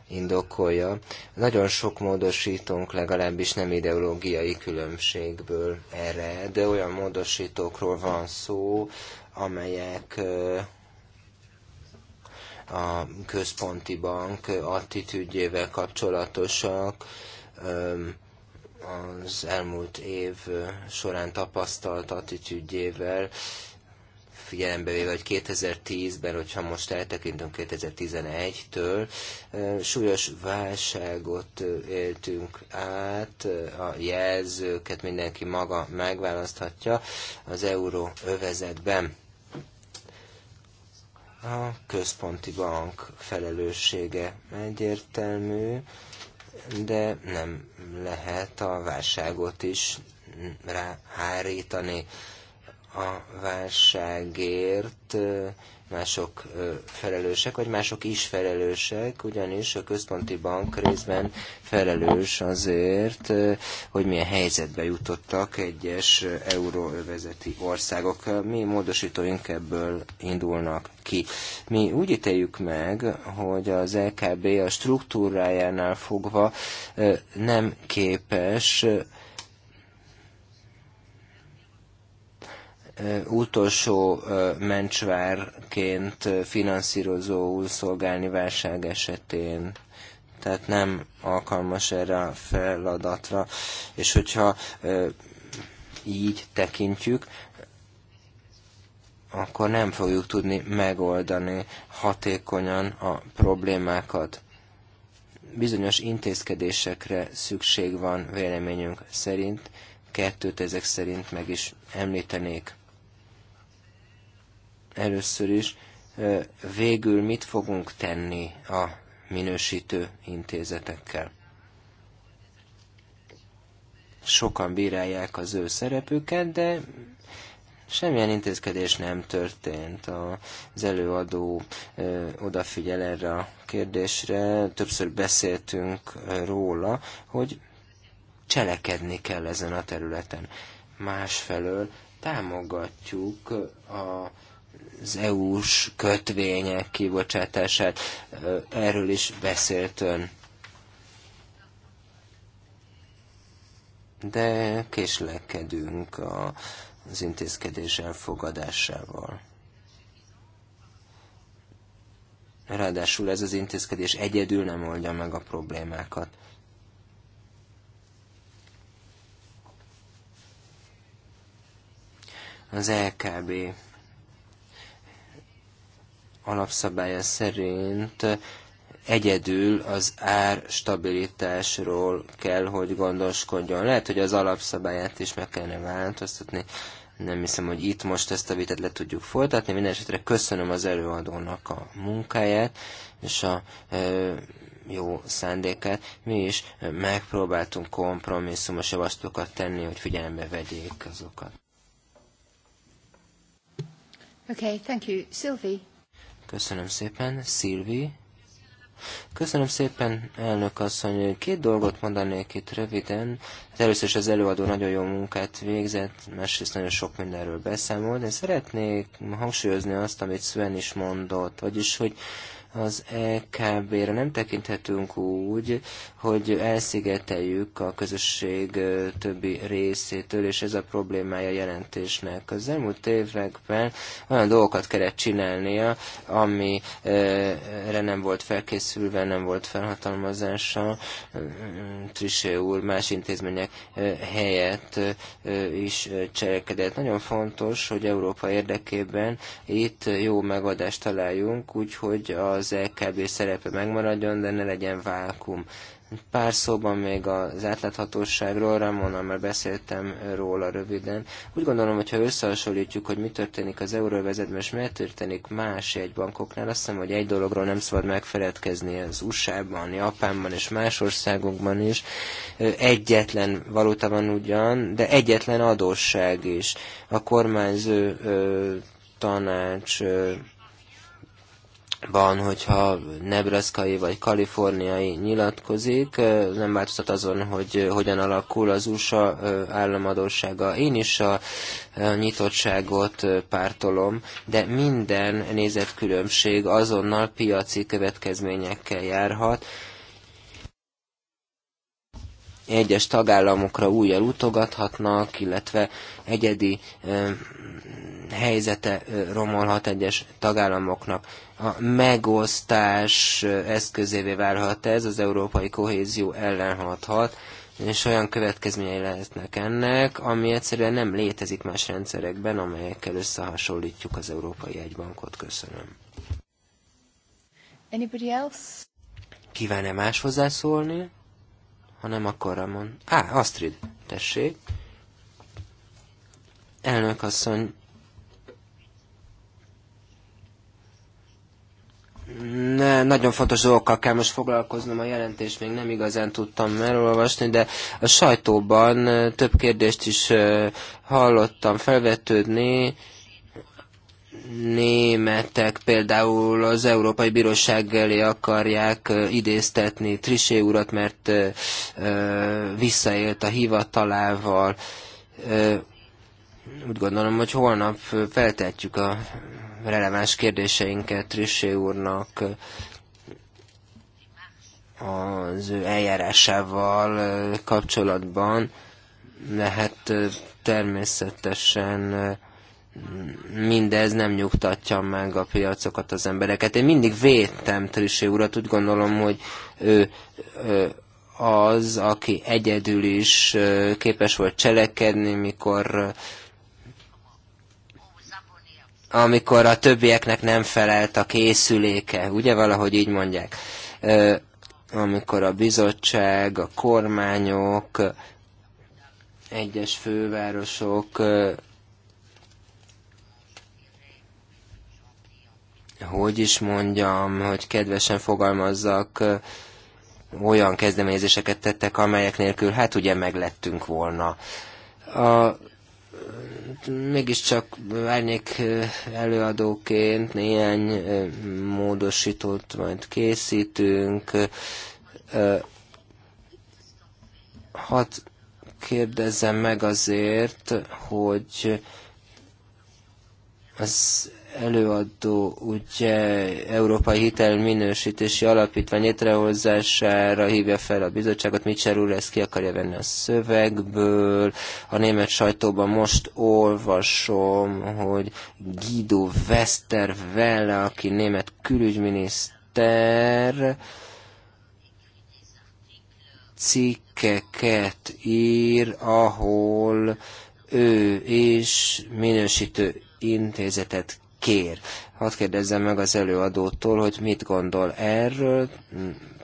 indokolja. Nagyon sok módosítónk legalábbis nem ideológiai különbségből ered, de olyan módosítókról van szó, amelyek a központi bank attitűdjével kapcsolatosak, az elmúlt év során tapasztalt attitűdjével, figyelembe véve, hogy 2010-ben, hogyha most eltekintünk 2011-től, súlyos válságot éltünk át, a jelzőket mindenki maga megválaszthatja az euró övezetben. A központi bank felelőssége egyértelmű, de nem lehet a válságot is ráhárítani a válságért mások felelősek, vagy mások is felelősek, ugyanis a központi bank részben felelős azért, hogy milyen helyzetbe jutottak egyes euróövezeti országok. Mi módosítóink ebből indulnak ki. Mi úgy ítéljük meg, hogy az LKB a struktúrájánál fogva nem képes utolsó mencsvárként finanszírozóul szolgálni válság esetén tehát nem alkalmas erre a feladatra. És hogyha így tekintjük, akkor nem fogjuk tudni megoldani hatékonyan a problémákat. Bizonyos intézkedésekre szükség van véleményünk szerint, kettőt ezek szerint meg is említenék. Először is végül mit fogunk tenni a minősítő intézetekkel? Sokan bírálják az ő szerepüket, de semmilyen intézkedés nem történt. Az előadó odafigyel erre a kérdésre, többször beszéltünk róla, hogy cselekedni kell ezen a területen. Másfelől támogatjuk a az EU-s kötvények kibocsátását. Erről is beszélt ön. De késlekedünk a, az intézkedés elfogadásával. Ráadásul ez az intézkedés egyedül nem oldja meg a problémákat. Az LKB e alapszabálya szerint egyedül az ár stabilitásról kell, hogy gondoskodjon. Lehet, hogy az alapszabályát is meg kellene változtatni. Nem hiszem, hogy itt most ezt a vitet le tudjuk folytatni. Mindenesetre köszönöm az előadónak a munkáját, és a e, jó szándékát. Mi is megpróbáltunk kompromisszumos javaslatokat tenni, hogy figyelembe vegyék azokat. Okay, thank you. Sylvie. Köszönöm szépen, Szilvi. Köszönöm szépen, elnök asszony. Két dolgot mondanék itt röviden. Hát először is az előadó nagyon jó munkát végzett, másrészt nagyon sok mindenről beszámolt. Én szeretnék hangsúlyozni azt, amit Sven is mondott, vagyis, hogy az EKB-re nem tekinthetünk úgy, hogy elszigeteljük a közösség többi részétől, és ez a problémája jelentésnek. Az elmúlt években olyan dolgokat kellett csinálnia, amire nem volt felkészülve, nem volt felhatalmazása. Trisé úr más intézmények helyett is cselekedett. Nagyon fontos, hogy Európa érdekében itt jó megoldást találjunk, úgyhogy az az LKB szerepe megmaradjon, de ne legyen vákum. Pár szóban még az átláthatóságról, Ramona már beszéltem róla röviden. Úgy gondolom, hogy ha összehasonlítjuk, hogy mi történik az euróvezetben, és miért történik más jegybankoknál, azt hiszem, hogy egy dologról nem szabad megfeledkezni az USA-ban, Japánban és más országokban is. Egyetlen valuta van ugyan, de egyetlen adósság is. A kormányző tanács van, hogyha nebraszkai vagy kaliforniai nyilatkozik, nem változtat azon, hogy hogyan alakul az USA államadósága. Én is a nyitottságot pártolom, de minden nézetkülönbség azonnal piaci következményekkel járhat, egyes tagállamokra újjal utogathatnak, illetve egyedi ö, helyzete ö, romolhat egyes tagállamoknak a megosztás eszközévé válhat ez, az európai kohézió ellen hathat, és olyan következményei lehetnek ennek, ami egyszerűen nem létezik más rendszerekben, amelyekkel összehasonlítjuk az Európai Egybankot. Köszönöm. Anybody else? Kíván-e más hozzászólni? Ha nem, akkor Ramon. Á, Astrid, tessék. Elnök asszony, ne, nagyon fontos dolgokkal kell most foglalkoznom, a jelentést még nem igazán tudtam elolvasni, de a sajtóban több kérdést is hallottam felvetődni, németek például az Európai Bíróság elé akarják idéztetni Trisé urat, mert visszaélt a hivatalával. Úgy gondolom, hogy holnap feltetjük a releváns kérdéseinket Trissé úrnak az ő eljárásával kapcsolatban, de hát természetesen mindez nem nyugtatja meg a piacokat, az embereket. Én mindig védtem Trissé urat, úgy gondolom, hogy ő, ő az, aki egyedül is képes volt cselekedni, mikor amikor a többieknek nem felelt a készüléke, ugye valahogy így mondják, amikor a bizottság, a kormányok, egyes fővárosok hogy is mondjam, hogy kedvesen fogalmazzak, olyan kezdeményezéseket tettek, amelyek nélkül hát ugye meglettünk volna. A mégiscsak árnyék előadóként néhány módosítót majd készítünk. Hadd kérdezzem meg azért, hogy az előadó ugye Európai hitel minősítési Alapítvány létrehozására hívja fel a bizottságot, Mitchell úr ezt ki akarja venni a szövegből, a német sajtóban most olvasom, hogy Guido Westerwelle, aki német külügyminiszter, cikkeket ír, ahol ő is minősítő intézetet kér. Hadd kérdezzem meg az előadótól, hogy mit gondol erről,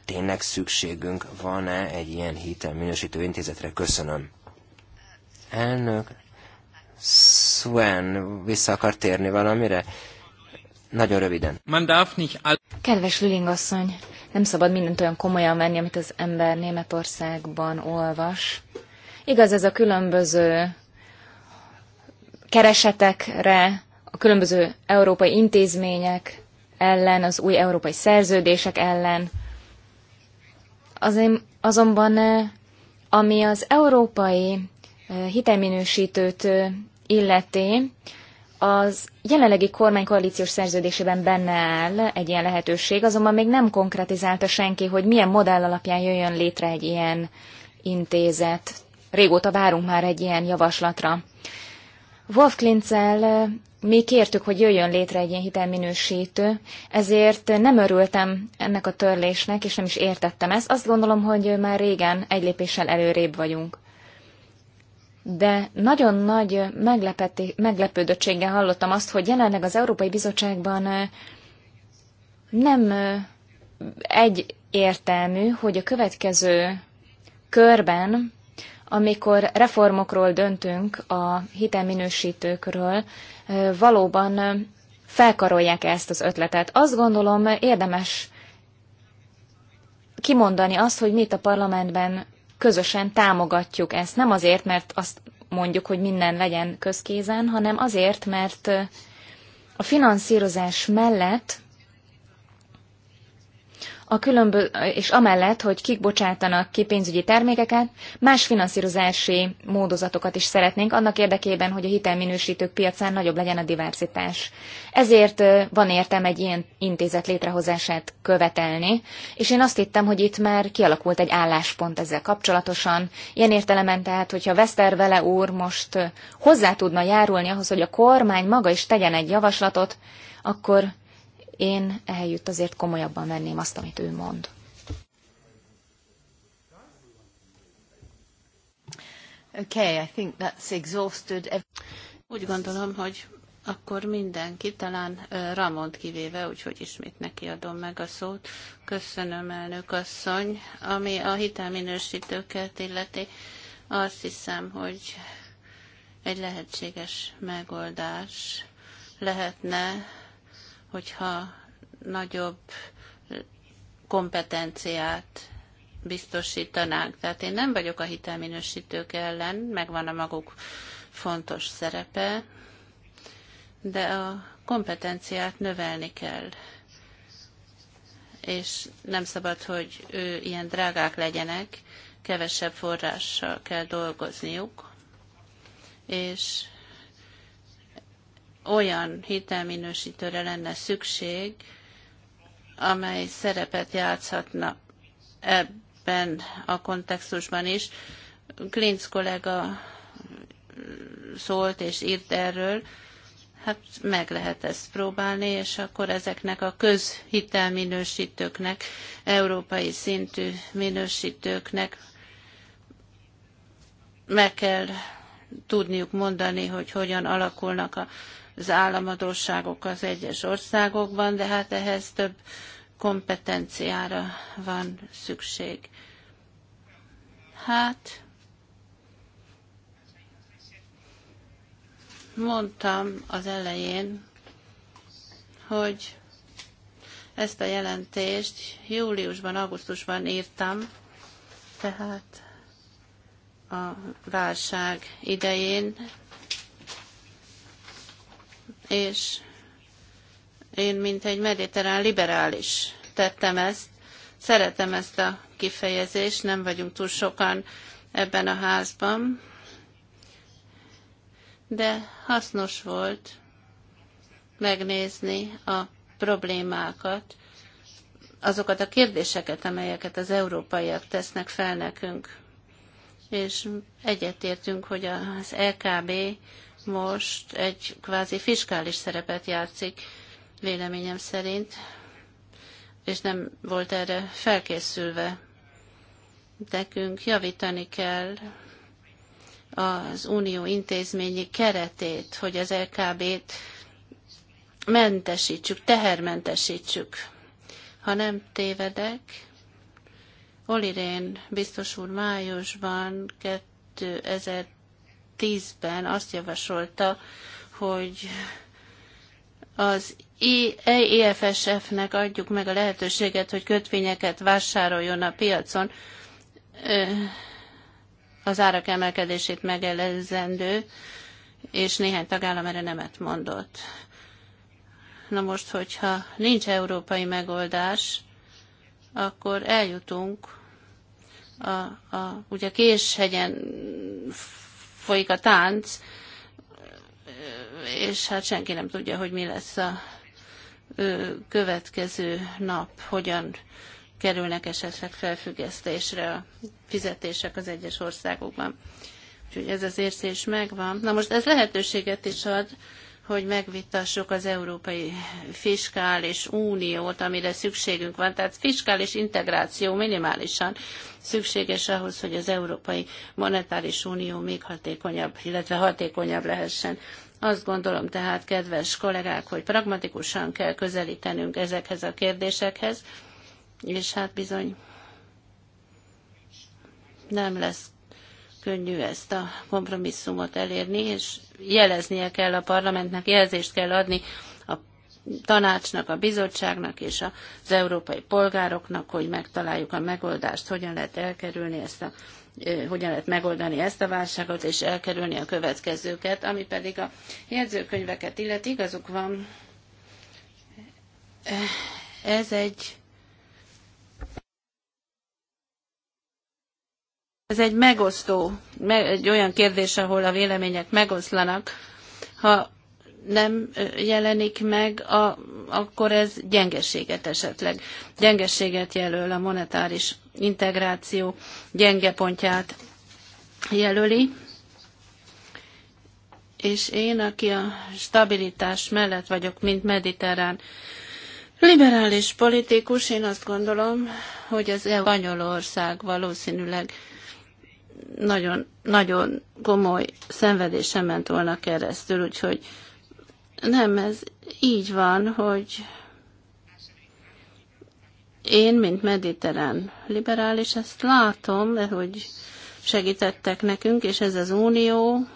tényleg szükségünk van-e egy ilyen hitelminősítő intézetre? Köszönöm. Elnök, Sven, vissza akar térni valamire? Nagyon röviden. Kedves Lülingasszony, nem szabad mindent olyan komolyan venni, amit az ember Németországban olvas. Igaz, ez a különböző keresetekre, a különböző európai intézmények ellen, az új európai szerződések ellen. Azért, azonban eh, ami az európai eh, hitelminősítőt eh, illeti, az jelenlegi kormány koalíciós szerződésében benne áll egy ilyen lehetőség, azonban még nem konkretizálta senki, hogy milyen modell alapján jöjjön létre egy ilyen intézet. Régóta várunk már egy ilyen javaslatra. Wolf Klinzel mi kértük, hogy jöjjön létre egy ilyen hitelminősítő, ezért nem örültem ennek a törlésnek, és nem is értettem ezt. Azt gondolom, hogy már régen egy lépéssel előrébb vagyunk. De nagyon nagy meglepődöttséggel hallottam azt, hogy jelenleg az Európai Bizottságban nem egy értelmű, hogy a következő körben, amikor reformokról döntünk a hitelminősítőkről, valóban felkarolják ezt az ötletet. Azt gondolom érdemes kimondani azt, hogy mi itt a parlamentben közösen támogatjuk ezt. Nem azért, mert azt mondjuk, hogy minden legyen közkézen, hanem azért, mert a finanszírozás mellett a különbö és amellett, hogy kik bocsátanak ki pénzügyi termékeket, más finanszírozási módozatokat is szeretnénk, annak érdekében, hogy a hitelminősítők piacán nagyobb legyen a diversitás. Ezért van értem egy ilyen intézet létrehozását követelni, és én azt hittem, hogy itt már kialakult egy álláspont ezzel kapcsolatosan. Ilyen értelemen tehát, hogyha Veszter vele úr most hozzá tudna járulni ahhoz, hogy a kormány maga is tegyen egy javaslatot, akkor én ehelyütt azért komolyabban venném azt, amit ő mond. Okay, I think that's exhausted. Úgy gondolom, hogy akkor mindenki, talán Ramont kivéve, úgyhogy ismét neki adom meg a szót. Köszönöm, elnök asszony. Ami a hitelminősítőket illeti, azt hiszem, hogy egy lehetséges megoldás lehetne hogyha nagyobb kompetenciát biztosítanánk. Tehát én nem vagyok a hitelminősítők ellen, megvan a maguk fontos szerepe, de a kompetenciát növelni kell. És nem szabad, hogy ő ilyen drágák legyenek, kevesebb forrással kell dolgozniuk, és olyan hitelminősítőre lenne szükség, amely szerepet játszhatna ebben a kontextusban is. Klinc kollega szólt és írt erről, hát meg lehet ezt próbálni, és akkor ezeknek a közhitelminősítőknek, európai szintű minősítőknek meg kell tudniuk mondani, hogy hogyan alakulnak a az államadóságok az egyes országokban, de hát ehhez több kompetenciára van szükség. Hát, mondtam az elején, hogy ezt a jelentést júliusban, augusztusban írtam, tehát a válság idején és én, mint egy mediterrán liberális tettem ezt, szeretem ezt a kifejezést, nem vagyunk túl sokan ebben a házban, de hasznos volt megnézni a problémákat, azokat a kérdéseket, amelyeket az európaiak tesznek fel nekünk. És egyetértünk, hogy az LKB e most egy kvázi fiskális szerepet játszik, véleményem szerint, és nem volt erre felkészülve. Nekünk javítani kell az unió intézményi keretét, hogy az LKB-t mentesítsük, tehermentesítsük. Ha nem tévedek, Olirén biztos úr májusban 2010 2010-ben azt javasolta, hogy az EFSF-nek adjuk meg a lehetőséget, hogy kötvényeket vásároljon a piacon, az árak emelkedését megelőzendő, és néhány tagállam erre nemet mondott. Na most, hogyha nincs európai megoldás, akkor eljutunk a, a, ugye Késhegyen folyik a tánc, és hát senki nem tudja, hogy mi lesz a következő nap, hogyan kerülnek esetleg felfüggesztésre a fizetések az egyes országokban. Úgyhogy ez az érzés megvan. Na most ez lehetőséget is ad hogy megvitassuk az Európai Fiskális Uniót, amire szükségünk van. Tehát fiskális integráció minimálisan szükséges ahhoz, hogy az Európai Monetáris Unió még hatékonyabb, illetve hatékonyabb lehessen. Azt gondolom tehát, kedves kollégák, hogy pragmatikusan kell közelítenünk ezekhez a kérdésekhez, és hát bizony nem lesz könnyű ezt a kompromisszumot elérni, és jeleznie kell a parlamentnek, jelzést kell adni a tanácsnak, a bizottságnak és az európai polgároknak, hogy megtaláljuk a megoldást, hogyan lehet elkerülni ezt a hogyan lehet megoldani ezt a válságot, és elkerülni a következőket, ami pedig a jegyzőkönyveket illeti, igazuk van. Ez egy Ez egy megosztó, egy olyan kérdés, ahol a vélemények megoszlanak. Ha nem jelenik meg, a, akkor ez gyengeséget esetleg. Gyengeséget jelöl a monetáris integráció gyenge pontját jelöli. És én, aki a stabilitás mellett vagyok, mint mediterrán liberális politikus, én azt gondolom, hogy az Spanyolország e valószínűleg nagyon, nagyon komoly szenvedésem ment volna keresztül, úgyhogy nem, ez így van, hogy én, mint mediterrán liberális, ezt látom, de hogy segítettek nekünk, és ez az unió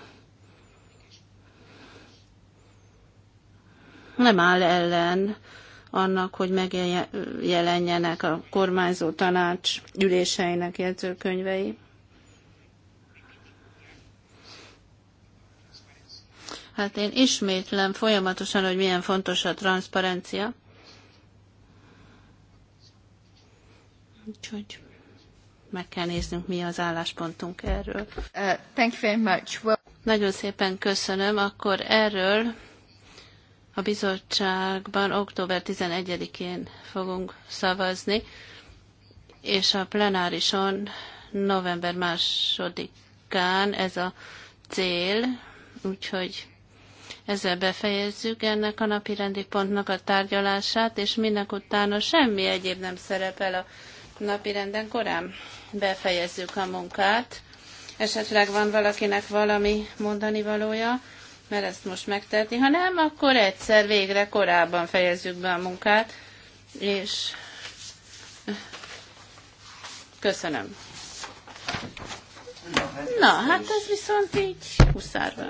nem áll ellen annak, hogy megjelenjenek a kormányzó tanács üléseinek jegyzőkönyvei. Hát én ismétlem folyamatosan, hogy milyen fontos a transzparencia. Úgyhogy meg kell néznünk, mi az álláspontunk erről. Uh, thank you very much. Well... Nagyon szépen köszönöm. Akkor erről a bizottságban október 11-én fogunk szavazni, és a plenárison november másodikán ez a cél, úgyhogy ezzel befejezzük ennek a napi rendi pontnak a tárgyalását, és minek utána semmi egyéb nem szerepel a napi renden korán. Befejezzük a munkát. Esetleg van valakinek valami mondani valója, mert ezt most megtetni. Ha nem, akkor egyszer végre korábban fejezzük be a munkát, és köszönöm. Na, hát, hát ez viszont így huszárban.